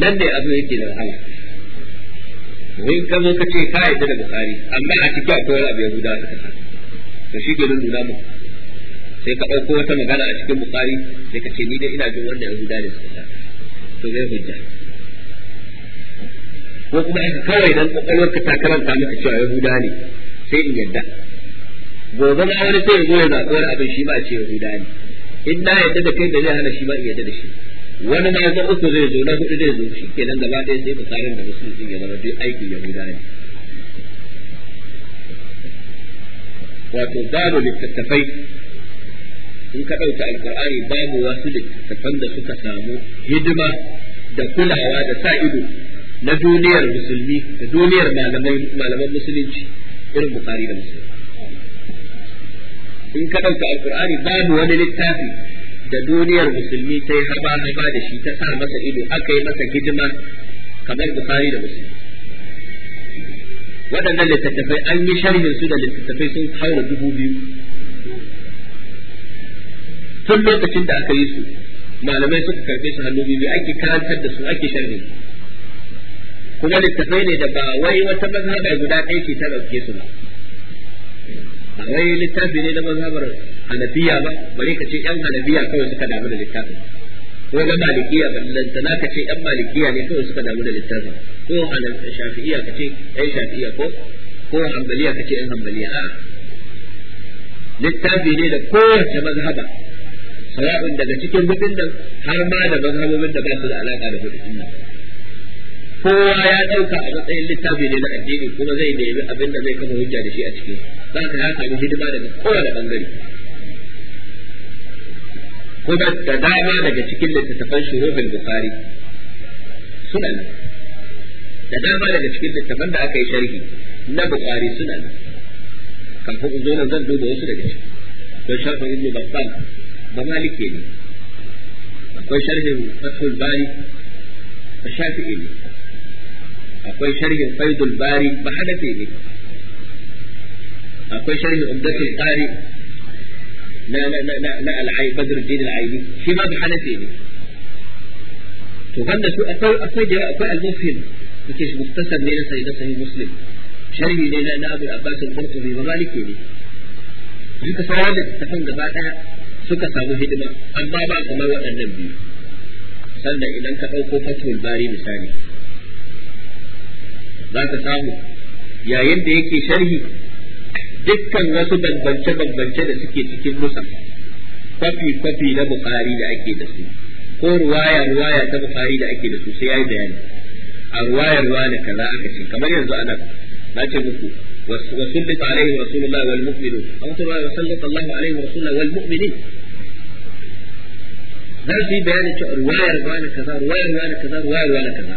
nan ne abu yake da wahala in ka zo ka ce ka yi da bukari amma a cikin akwai wani abu ya guda ta kasa to shi ke nuna mu sai ka ɗauko wata magana a cikin bukari sai ka ce ni dai ina jin wannan ya guda da suka to zai hujja ko kuma in kawai dan kokarin ka takaranta maka cewa yahuda ne sai in yadda gobe ma wani sai ya zo ya zaɓi wani abin shi ba a ce yahuda ne in na yadda da kai da zai hana shi ma in yadda da shi wani ma ga uku zai zo na hudu zai zo shi kenan gaba ɗaya sai bukarin da musulunci ya zama duk aikin yahuda ne wato babu littattafai in ka ɗauka alkur'ani babu wasu littattafan da suka samu hidima da kulawa da sa ido na duniyar musulmi da duniyar malaman musulunci irin bukari da musulmi in ka ɗauka alkur'ani babu wani littafi da duniyar musulmi ta yi haba haba da shi ta sa masa ido aka yi masa hidima kamar bukari da musulmi waɗannan littattafai an yi sharhin su da littattafai sun haura dubu biyu tun lokacin da aka yi su malamai suka karfe su hannu biyu ake karantar da su ake sharhin kuma littattafai ne da ba wai wata mazhaba guda ɗaya ce ta ɗauke su ba a wai littafi ne na mazhabar Hanabiya ba bari ka ce yan Hanabiya kawai suka damu da littafin ko ga malikiya ballantana ka ce yan malikiya ne kawai suka damu da littafin ko hanafiya shafi'iya ka ce yan shafi'iya ko ko hanbaliya ka ce yan hanbaliya a littafi ne da kowace mazhaba sawa'un daga cikin hudun nan har ma da mazhabobin da ba su da alaka da hudun nan kowa ya ɗauka a matsayin littafi ne na addini kuma zai nemi abin da zai kama hujja da shi a ciki za ka ya samu hidima daga kowane bangare kuma da dama daga cikin littattafan shuruhul bukari suna nan da dama daga cikin littattafan da aka yi sharhi na bukari suna nan kafin in zo nan zan duba wasu daga ciki don sharhin ibnu battal ba malike ne akwai sharhin fathul bari ba shafi'i ne akwai sharhin faidul bari ba hanafi ne akwai sharhin umdatul qari na na na na al'ai badruddin al'aibi shi ma bi hanafi ne to banda su akwai akwai da akwai al-mufhim yake shi muktasar ne na sayyid sahih muslim sharhi ne na abu abbas al-qurtubi ba maliki ne duka sauran da tafan gaba daya suka samu hidima amma ba kamar waɗannan biyu sannan idan ka ɗauko fatul bari misali za ka samu yayin da yake sharhi dukkan wasu bambance-bambance da suke cikin musa kwafi-kwafi na bukari da ake da su ko ruwaya-ruwaya ta bukari da ake da su sai ya yi bayani a ruwaya-ruwaya na kaza aka ce kamar yanzu ana na ce muku وسلط عليه رسول الله والمؤمنون أو ترى وسلط الله عليه رسول الله والمؤمنين za su yi bayani cewa ruwaya ruwa na kaza ruwaya ruwa na kaza ruwaya ruwa na kaza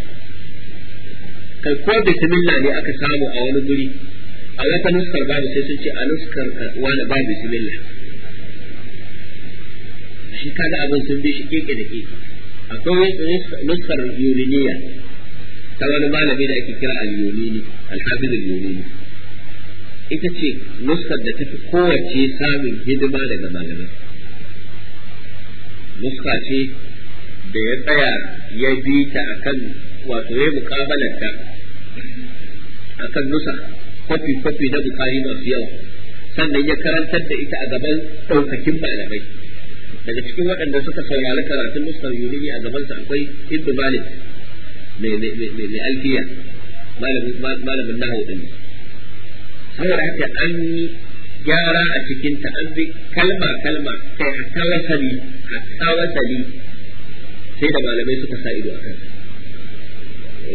kai ko bismillah ne aka samu a wani guri a wata nuskar babu sai sun ce a nuskar wani ba bismillah shi kaga abin sun bi shi keke da keke akwai nuskar yuliniya ta wani malami da ake kira al yulini al-hafiz al ita ce nuskar da tafi kowace samun hidima daga malamai nuska ce da ya tsaya ya bi ta akan wato ya ta, akan nusa fafi fafi na bukari masu yawa sannan ya karantar da ita a gaban ɗaukakin malamai daga cikin waɗanda suka saurari karatun mustar yunini a gabansa akwai ibn malik mai alfiya malamin nahu din saboda haka an yi gyara a cikin ta an bi kalma kalma kai a wasali a wasali sai da malamai suka sa ido a kansa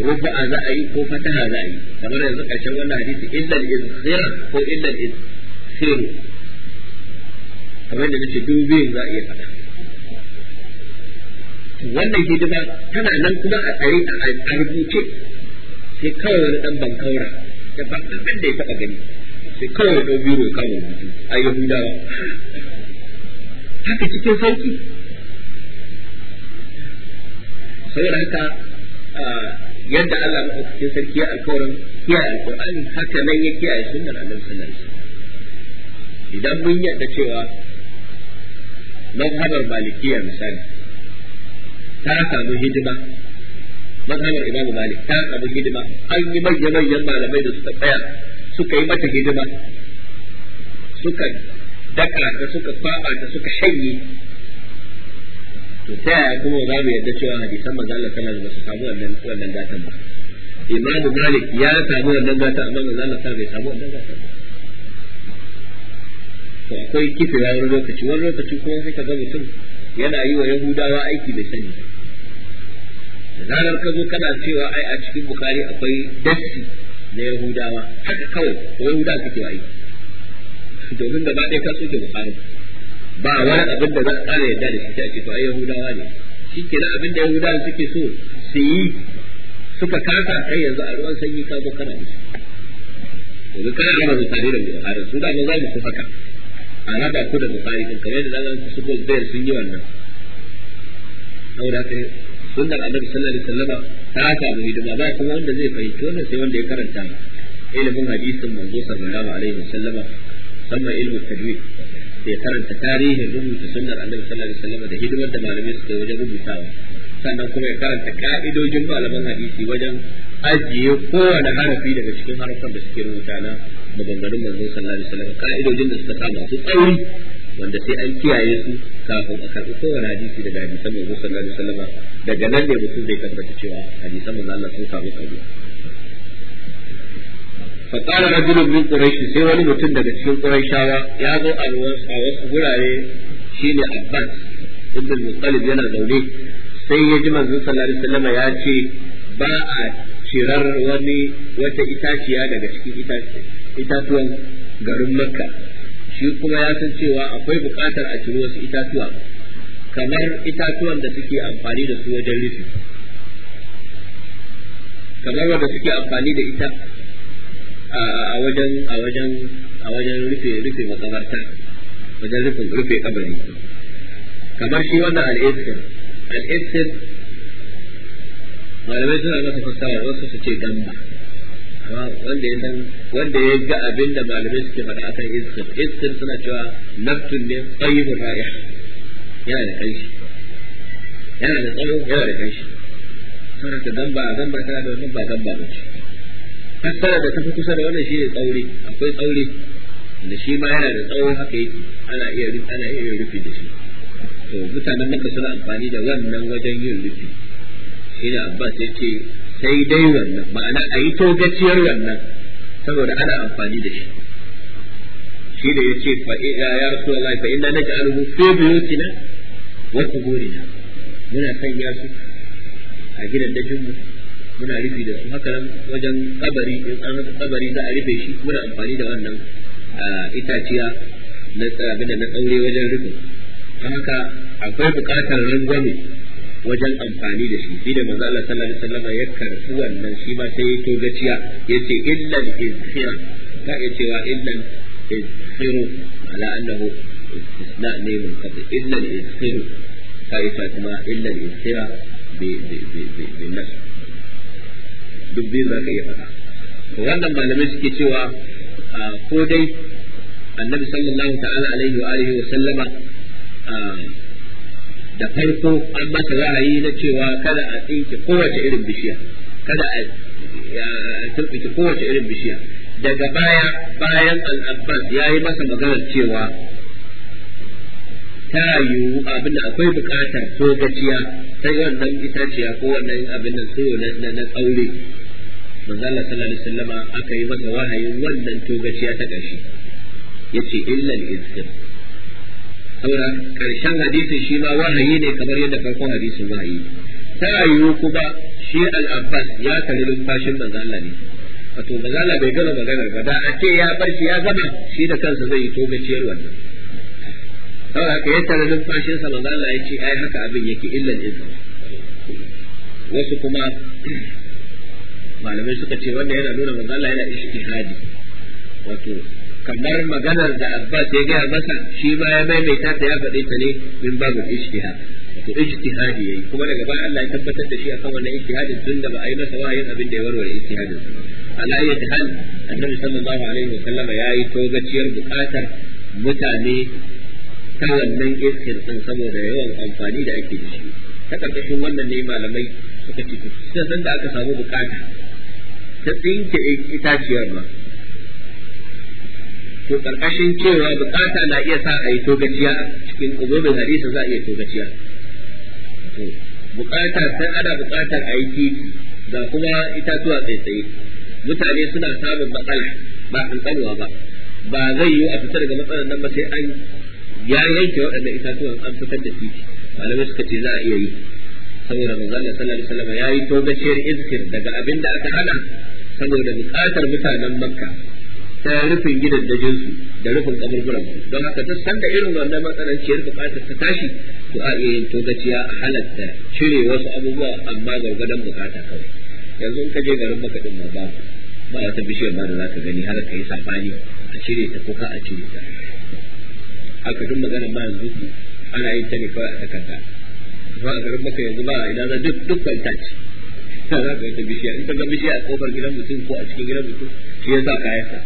rufa'a za a yi ko fataha za a yi kamar yanzu ƙarshen wannan hadisi illal izhira ko illal izhiru kamar da nace dubin za a iya faɗa wannan hidima tana nan kuma a tsari a rubuce sai kawai wani ɗan bankaura da ba ɗan da ya taɓa gani sai kawai wani biro kama rubutu a yahudawa haka cikin sauki saboda haka ah, yadda Allah madaukakin sarki ya alkawarin kiyaye Alƙawarin haka nan ya kiyaye sunnar annabi sallallahu alaihi wasallam idan mun yarda cewa mazhabar malikiya misali ta samu hidima mazhabar imam malik ta samu hidima an yi manya manyan malamai da suka tsaya suka yi mata hidima suka daka da suka kwaba da suka shanye to ta yaya kuma za mu yarda cewa hadisan manzo Allah sallallahu alaihi wasallam samu wannan wannan gatan ba Imam Malik ya samu wannan gatan amma manzo Allah sallallahu bai samu wannan gatan to akwai kifi ya wani lokaci wani lokaci kuma sai ka ga mutum yana yi wa Yahudawa aiki bai sani da zarar ka zo kana cewa ai a cikin bukari akwai dasti na Yahudawa haka kawai Yahudawa suke aiki domin da ba ɗaya ka soke Bukhari ba wani abin da za a ƙara yadda da shi ake to ai yahudawa ne shi ke na abin da yahudawa suke so su yi suka kasa kai yanzu a ruwan sanyi ka zo kana da yanzu kana raba mutane da buhari su da za mu ku haka a raba ku da buhari din kamar yadda za su go bayar sun yi wannan saboda haka sunnar annabi sallallahu alaihi wasallam ta samu hidima ba kuma wanda zai fahimci wannan sai wanda ya karanta ilimin hadisin manzo sallallahu alaihi wasallam musamman ilimin tajwid ya karanta tarihin rubuta sunnar annabi sallallahu alaihi wasallam da hidimar da malamai suka wajen rubutawa sannan kuma ya karanta ka'idojin malaman hadisi wajen ajiye kowane harafi daga cikin harafan da suke rubuta na maganganun manzon sallallahu alaihi wasallam ka'idojin da suka kama su tsauri wanda sai an kiyaye su kafin a karɓi kowane hadisi daga hadisan manzon sallallahu alaihi wasallam daga nan ne mutum zai tabbata cewa hadisan manzon Allah sun samu tsaro fa qala rajulun min quraish sai wani mutum daga cikin quraishawa ya zo a a wasu gurare shine abbas ibn al-muttalib yana zaune sai ya ji manzon sallallahu alaihi wasallam ya ce ba a cirar wani wata itaciya daga cikin itatuwan garin makka shi kuma ya san cewa akwai buƙatar a ciro wasu itatuwa kamar itatuwan da suke amfani da su wajen rufi kamar wanda suke amfani da ita a wajen a wajen a wajen rufe rufe makabarta wajen rufe rufe kabari kamar shi wannan al-isr al-isr malamai suna masa fassara wasu su ce damba wanda ya san wanda ya ga abin da malamai suke faɗa akan isr isr suna cewa naftun ne tayyibur ra'ih yana da kanshi yana da tsawo yana da kanshi saboda gamba gamba tana da wannan ba gamba ba fassara da ta fi kusa da wannan ne tsauri akwai tsauri da shi ma yana da tsawo haka yake ana iya ana iya rufi da shi to mutanen maka suna amfani da wannan wajen yin rufi shi da abbas ya ce sai dai wannan ma'ana a yi togaciyar wannan saboda ana amfani da shi shi da ya ce ya rasu Allah fa inna naj'aluhu fi buyutina wa na? muna sanya su a gidan mu. muna rufi da su haka nan wajen kabari in an haka kabari za a rufe shi muna amfani da wannan itaciya na tsarabin da na tsaure wajen rufin haka akwai buƙatar rangwame wajen amfani da shi da maza Allah sallallahu alaihi wasallam ya karɓi wannan shi ma sai ya to gaciya yace illal izkhira ka ya cewa illal izkhiru ala annahu istisna ne mun kafa illal izkhiru sai ta kuma illal izkhira bi bi bi bi duk biyu za ka iya faɗa wannan malamai suke cewa ko dai annabi sallallahu ta'ala alaihi wa alihi wa sallama da farko an masa ra'ayi na cewa kada a tsinke kowace irin bishiya kada a tsinke kowace irin bishiya daga baya bayan al-abbas ya yi masa maganar cewa ta yiwu abin da akwai bukatar ko gaciya sai wannan itaciya ko wannan abin da so na tsaure manzo Allah sallallahu alaihi wasallama aka yi masa wahayi wannan togaciya ta ƙarshe yace illa al-izkir saboda ƙarshen hadisin shi ma wahayi ne kamar yadda farkon hadisin wahayi ta yiwu kuma shi al-abbas ya kalli lumfashin manzo Allah ne wato manzo Allah bai gama maganar ba da a ce ya bar shi ya gama shi da kansa zai yi togaciyar wannan saboda haka ya tare lumfashin sa manzo Allah ya ce ai haka abin yake illa al-izkir wasu kuma malamai suka ce wannan yana nuna manzo Allah yana ijtihadi wato kamar maganar da Abbas ya gaya masa shi ma ya maimaita ta ya faɗe ta ne min babu ijtihad to ijtihadi yayi kuma daga baya Allah ya tabbatar da shi akan wannan ijtihadin tun da ba a yi masa wayin abin da ya warware ijtihadin ala ayyati hal annabi sallallahu alaihi wa sallam yi togaciyar bukatar mutane ta wannan iskir din saboda yawan amfani da ake da shi ta wannan ne malamai suka ce sai da aka samu bukata ta tsinke itaciyar ba ko karkashin cewa bukata na iya sa a yi togaciya cikin ubobin hadisa za a iya togaciya bukata sai ana bukatar a yi titi ga kuma itatuwa tsaye-tsaye mutane suna samun matsala ba ƙanƙanwa ba ba zai yiwu a fita daga matsalar nan ba sai an ya yanke waɗanda itatuwan an fitar da titi malamai suka ce za a iya yi saboda manzo Allah sallallahu alaihi wasallam yayi togaciyar izkir daga abin da aka hana saboda bukatar mutanen makka ta rufin gidan da jinsu da rufin kaburburan don haka duk sanda irin wannan matsananciyar bukatar ta tashi to a iya yin togaciya a halatta cire wasu abubuwa amma gwargwadon bukata kawai yanzu in ka je garin maka din ma ba ba wata bishiyar ma da za ka gani har ka yi safani a cire ta ko ka a cire ta haka duk magana ma yanzu ana yin ta ne kawai a takarda ba a garin maka yanzu ba a ina za duk dukkan ta ce za ka yi ta bishiya in ta ga bishiya a kofar gidan mutum ko a cikin gidan mutum shi ya sa kayansa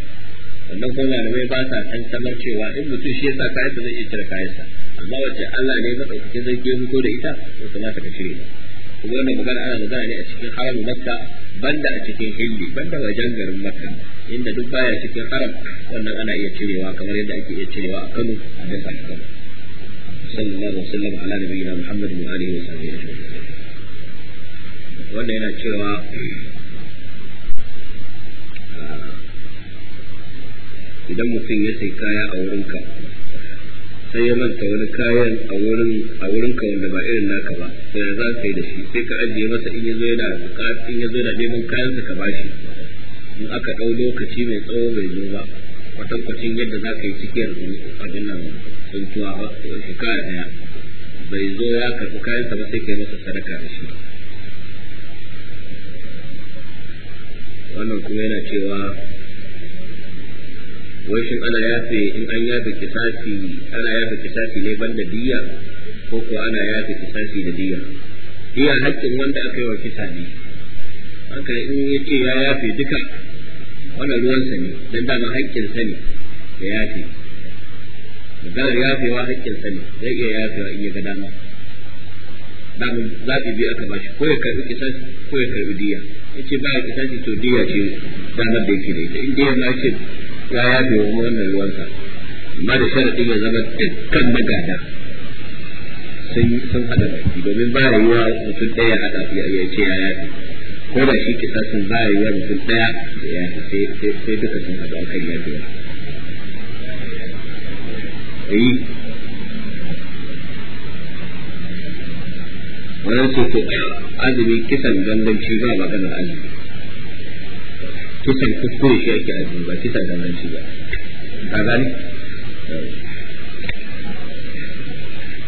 wannan kuma malamai ba sa tantamar cewa in mutum shi ya sa kayansa zai iya cire kayansa amma wace Allah ne ya madaukakin zai ke fito da ita to kamata ka cire kuma wannan magana ana magana ne a cikin haramin makka banda a cikin hilli banda wajen garin makka inda duk baya cikin haram wannan ana iya cirewa kamar yadda ake iya cirewa a Kano a dafa Kano sallallahu alaihi wa sallam ala nabiyina Muhammad wa alihi wa sahbihi wanda yana cewa ah, idan mutum ya sai kaya a wurinka sai ya manta wani kayan a wurin a wurinka wanda ba irin naka ba sai ya za ka yi da shi sai ka ajiye masa in yazo yana bukatun in yazo yana neman kayan ka bashi in aka dau lokaci mai tsawo bai zo ba kwatankwacin yadda za ka yi yanzu abin nan tsuntuwa ba shekara daya bai zo ya karɓi kayansa ba sai ka yi masa sadaka da shi wannan kuma yana cewa wai shin ana yafe in an yafe kisasi ana yafe kisasi ne banda diya ko ko ana yafe kisasi da diya diya haƙƙin wanda aka yi wa kisa ne haka in ya ce ya yafe duka wannan ruwansa ne don dama haƙƙinsa ne ya yafe maganar yafewa haƙƙinsa ne zai iya yafewa in ya ga dama dama zaɓi biyu aka bashi ko ya karɓi kisasi ko ya karɓi diya yace ba ya kisa ce to diya ce damar da yake da ita in diya ma ce ya ya bi wani wannan ruwansa amma da sharadin ya zama dukkan magada sun sun hada baki domin ba wa mutum ɗaya ya hada ya ce ya ya ko da shi kisa sun ba wa mutum ɗaya ya sai sai duka sun hada kan ya bi wani ce to azumi kisan ganganci ba maganar azumi kisan kuskure shi ake azumi ba kisan ganganci ba ka gani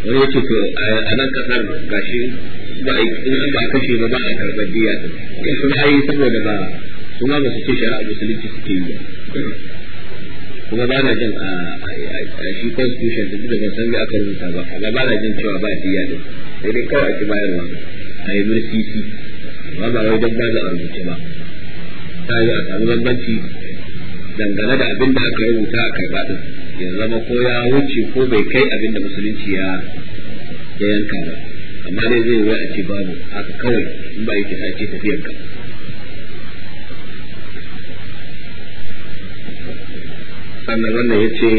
wani yace to a nan kasar gashi ba in ba kashe ba ba a karɓar diya din kuma ai saboda ba kuma ba su ce shari'a musulunci suke yi ba kuma ba na jin a ah, shi constitution da duk da ban san me aka rubuta ba amma ba na jin cewa ba diya din sai dai kawai a ci bayarwa a yi shi amma ba wai dan za a rubuce ba ta yi a samu bambanci dangane da abin da aka rubuta a karɓa din ya zama ko ya wuce ko bai kai abin da musulunci ya yanka ba amma dai zai wai a ce babu haka kawai in ba yake ta tafiyar ka sannan wannan ya ce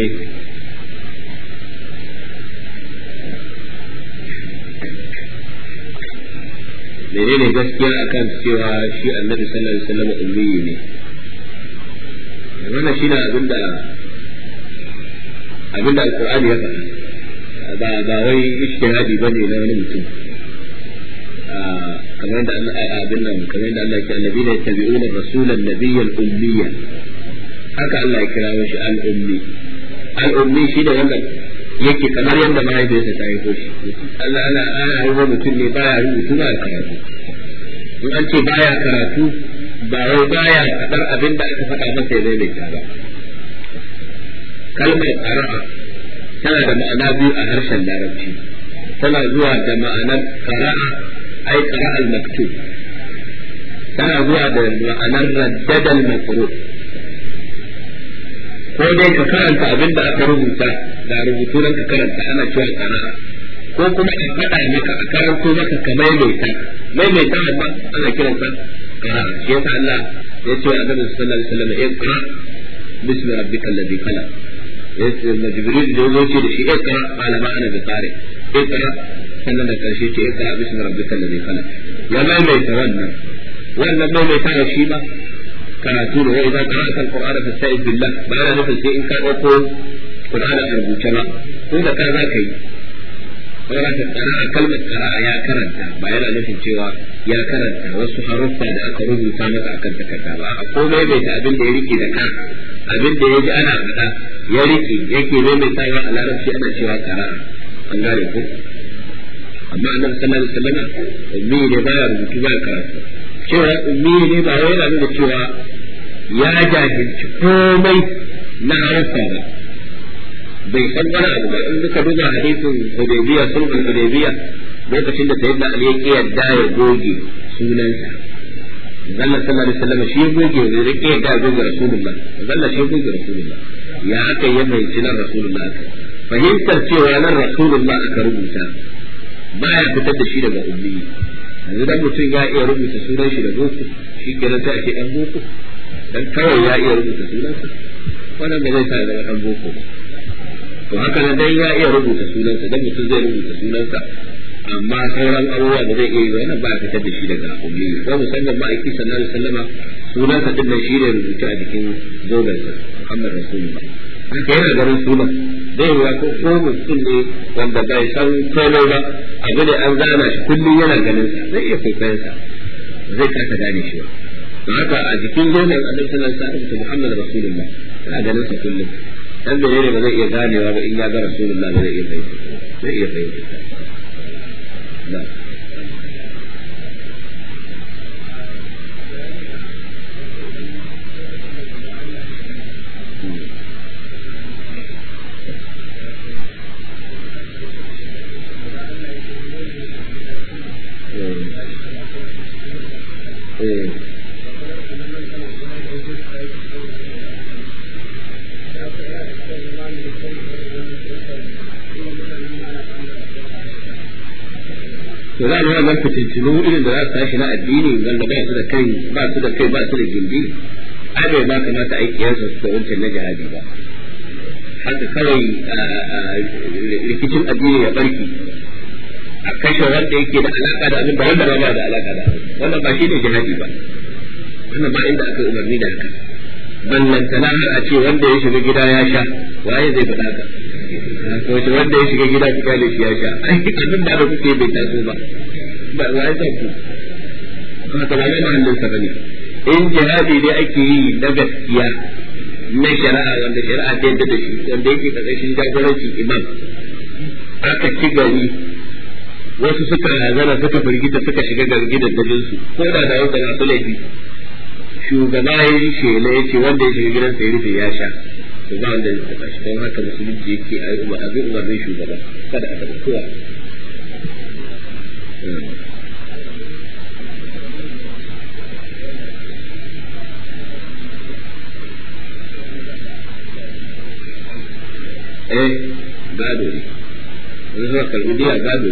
menene gaskiya akan cewa shi annabi sallallahu alaihi wasallam ummi ne wannan shine abinda abinda alqur'ani ya faɗa ba ba wai ijtihadi bane na wani mutum kamar da Allah abin nan kamar da Allah ke annabi ne tabi'una rasulan nabiyyan ummiyyan haka Allah ya kira shi al-ummi al-ummi shi da wanda yake kamar yadda mahaifiyarsa ta haifo shi Allah ana ana haifo mutum ne baya rubutu ba karatu in an ce baya karatu ba wai baya kadar abin da aka faɗa masa ya daidaita ba kalmar qara'a tana da ma'ana biyu a harshen larabci tana zuwa da ma'anar qara'a ai qara'a al-maktub tana zuwa da ma'anar raddada al-maqru' ko dai ka karanta abin da aka rubuta da rubutu nan ka karanta ana cewa kana ko kuma a faɗa maka a karanto maka ka maimaita maimaita ba ana kiransa kana shi yasa Allah ya ce wa Annabi sallallahu alaihi wasallam iqra bismi rabbikal ladhi khalaq yace na jibril da yazo ce da shi iqra qala ma ana tare ya iqra sannan da karshe ce iqra bismi rabbikal ladhi khalaq ya maimaita wannan wannan maimaita shi ba karatu da wai za ka rasa alquran fa sai billah bayan nufin sai in ka dauko qur'an a rubuce ba ko da ka za ka yi saboda ka qira'a ya karanta ba yana nufin cewa ya karanta wasu haruffa da aka rubuta masa akan takarda ba a komai bai ta abin da ya rike da ka abin da ya ji ana faɗa ya rike yake maimaitawa a larabci ana cewa qira'a an gane ko amma ne baya rubutu ba cewa ya ummi ne ba wai yana nuna cewa ya jahilci komai na harfa ba bai san wani abu ba in duka duba hadisin hudaybiya sulhul hudaybiya lokacin da sayyidina ali ya kiyarda ya goge sunansa zalla sallallahu alaihi wasallam shi goge ne ya kiyarda goge rasulullah zalla shi goge rasulullah ya aka yi mai cinar rasulullah aka fahimtar cewa nan rasulullah aka rubuta Ba ya fitar da shi daga ummi yanzu dan mutum ya iya rubuta sunan shi da boko shi ke sai ake ce dan boko dan kawai ya iya rubuta sunansa wannan ba zai sa zama dan boko ba to haka nan dan ya iya rubuta sunansa dan mutum zai rubuta sunansa amma sauran abubuwa da zai iya yi wannan ba a fitar da shi daga ummi ko musamman ma aiki sallallahu sallama sunan sunansa din nan shi ne rubuta a jikin zobensa Muhammad Rasulullah haka yana garin sunan zai wuya ko ko mutum ne wanda bai san komai ba abu ne an zana shi kullum yana ganin sa zai iya kwaikwayon sa zai kasa gane shi ba to haka a jikin a annabi sallallahu alaihi wasallam Muhammad rasulullah kana ganin sa kullum dan da ne ba zai iya ganewa ba in ya ga rasulullah ba zai iya fahimta zai iya fahimta na'am to za mu wannan fitintinu irin da za su tashi na addini wanda ba su da kai ba su da kai ba su da gindi ai bai ba kamata aiki yi kiyasa su da wancan na jihadi ba haka kawai rikicin addini ya barki a kashe wanda yake da alaka da abin da wanda ba da alaka da wannan ba shi ne jihadi ba wannan ba inda aka umarni da haka ballantana har a ce wanda ya shiga gida ya sha waye zai faɗa ka to shi wanda ya shiga gida ki kale shi ya sha abin da kuke bai taso ba ba za ya ku kuma ta bayan hannun sa bane in jihadi dai ake yi na gaskiya na shari'a wanda shari'a ta yadda da shi wanda yake karkashin jagorancin imam aka ci gari wasu suka razana suka firgita suka shiga da jinsu ko da da yau da na laifi shugaba ya yi shela ya ce wanda ya shiga gidansa ya rufe ya sha to ba wanda zai taɓa shi don haka musulunci yake a yi abin umarnin shugaba kada a taɓa kowa eh gado ne wani zuwa karbi biya gado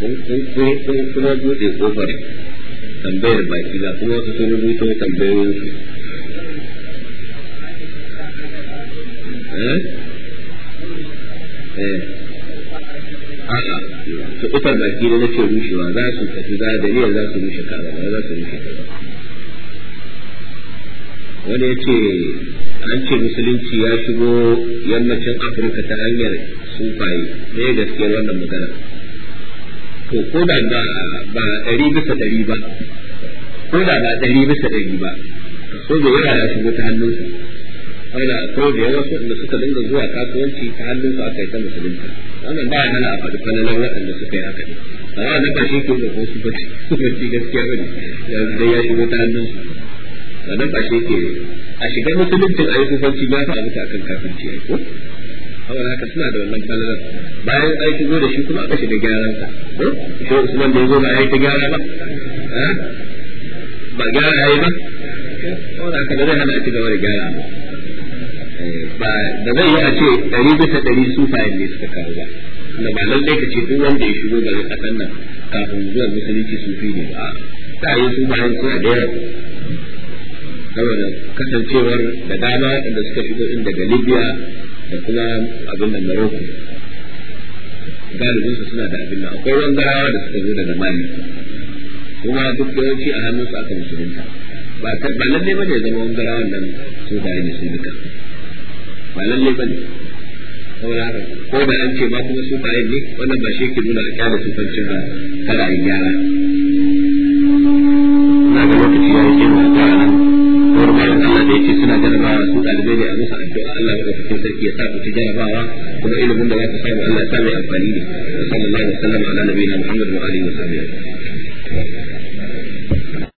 ne kuma buɗe ƙofar tambayar baki da kuma wasu sun rubuto tambayoyinsu Hmm? Eh. a'a su kufar baki da nake rushewa za su tafi za da niyyar za su rushe kaza ba za su rushe kaza. wani ya ce an ce musulunci ya shigo yammacin afirka ta hanyar sufaye ne gaskiyar wannan magana to ko da ba ɗari bisa ɗari ba ko da ba ɗari bisa ɗari ba so da yana ya shigo ta hannunsa ana ko da yawa su da suka dinga zuwa kasuwanci ta hannun su aka yi ta musulunta wannan ba hana a faɗi falalar waɗanda suka yi yi amma na ba shi ke da su bace bace gaskiya bane yanzu dai ya shigo ta hannun su nan ba shi ke a shiga musuluncin a yi kufanci ba ta abuta akan kafinci ya ko saboda haka suna da wannan falalar bayan aiki zo da shi kuma aka shiga gyaran sa ko shi Usman da zo ba yi ta gyara ba ba gyara ya yi ba saboda haka da zai hana a ci gaba da gyara ba ba da zai yi a ce ɗari bisa ɗari sufayen ne suka kawo ba na ba lallai ka ce duk wanda ya shigo garin ƙasar nan kafin zuwa musulunci sufi ne ba ta yi yin suna da yawa saboda kasancewar da dama da suka shigo in daga libya da kuma abin da maroko galibin suna da abin nan akwai wangarawa da suka zo daga mali kuma duk yawanci a hannunsu aka musulunta ba lalle ba ne zama wangarawan nan su da ne su duka ba lalle bane saboda ko da an ce ba kuma su bayan ne wannan ba shi ke nuna a kyale su farcin ba kada a gyara na ga lokaci ya yi kenan a nan wani bayan Allah da yake suna jarabawa su ɗalibai ne a musu addu'a Allah ya ɗauka sarki ya sa ku ci jarabawa kuma ilimin da za ku samu Allah ya sa mai amfani ne sallallahu alaihi wa sallam ala nabiyina Muhammad wa alihi wa sahbihi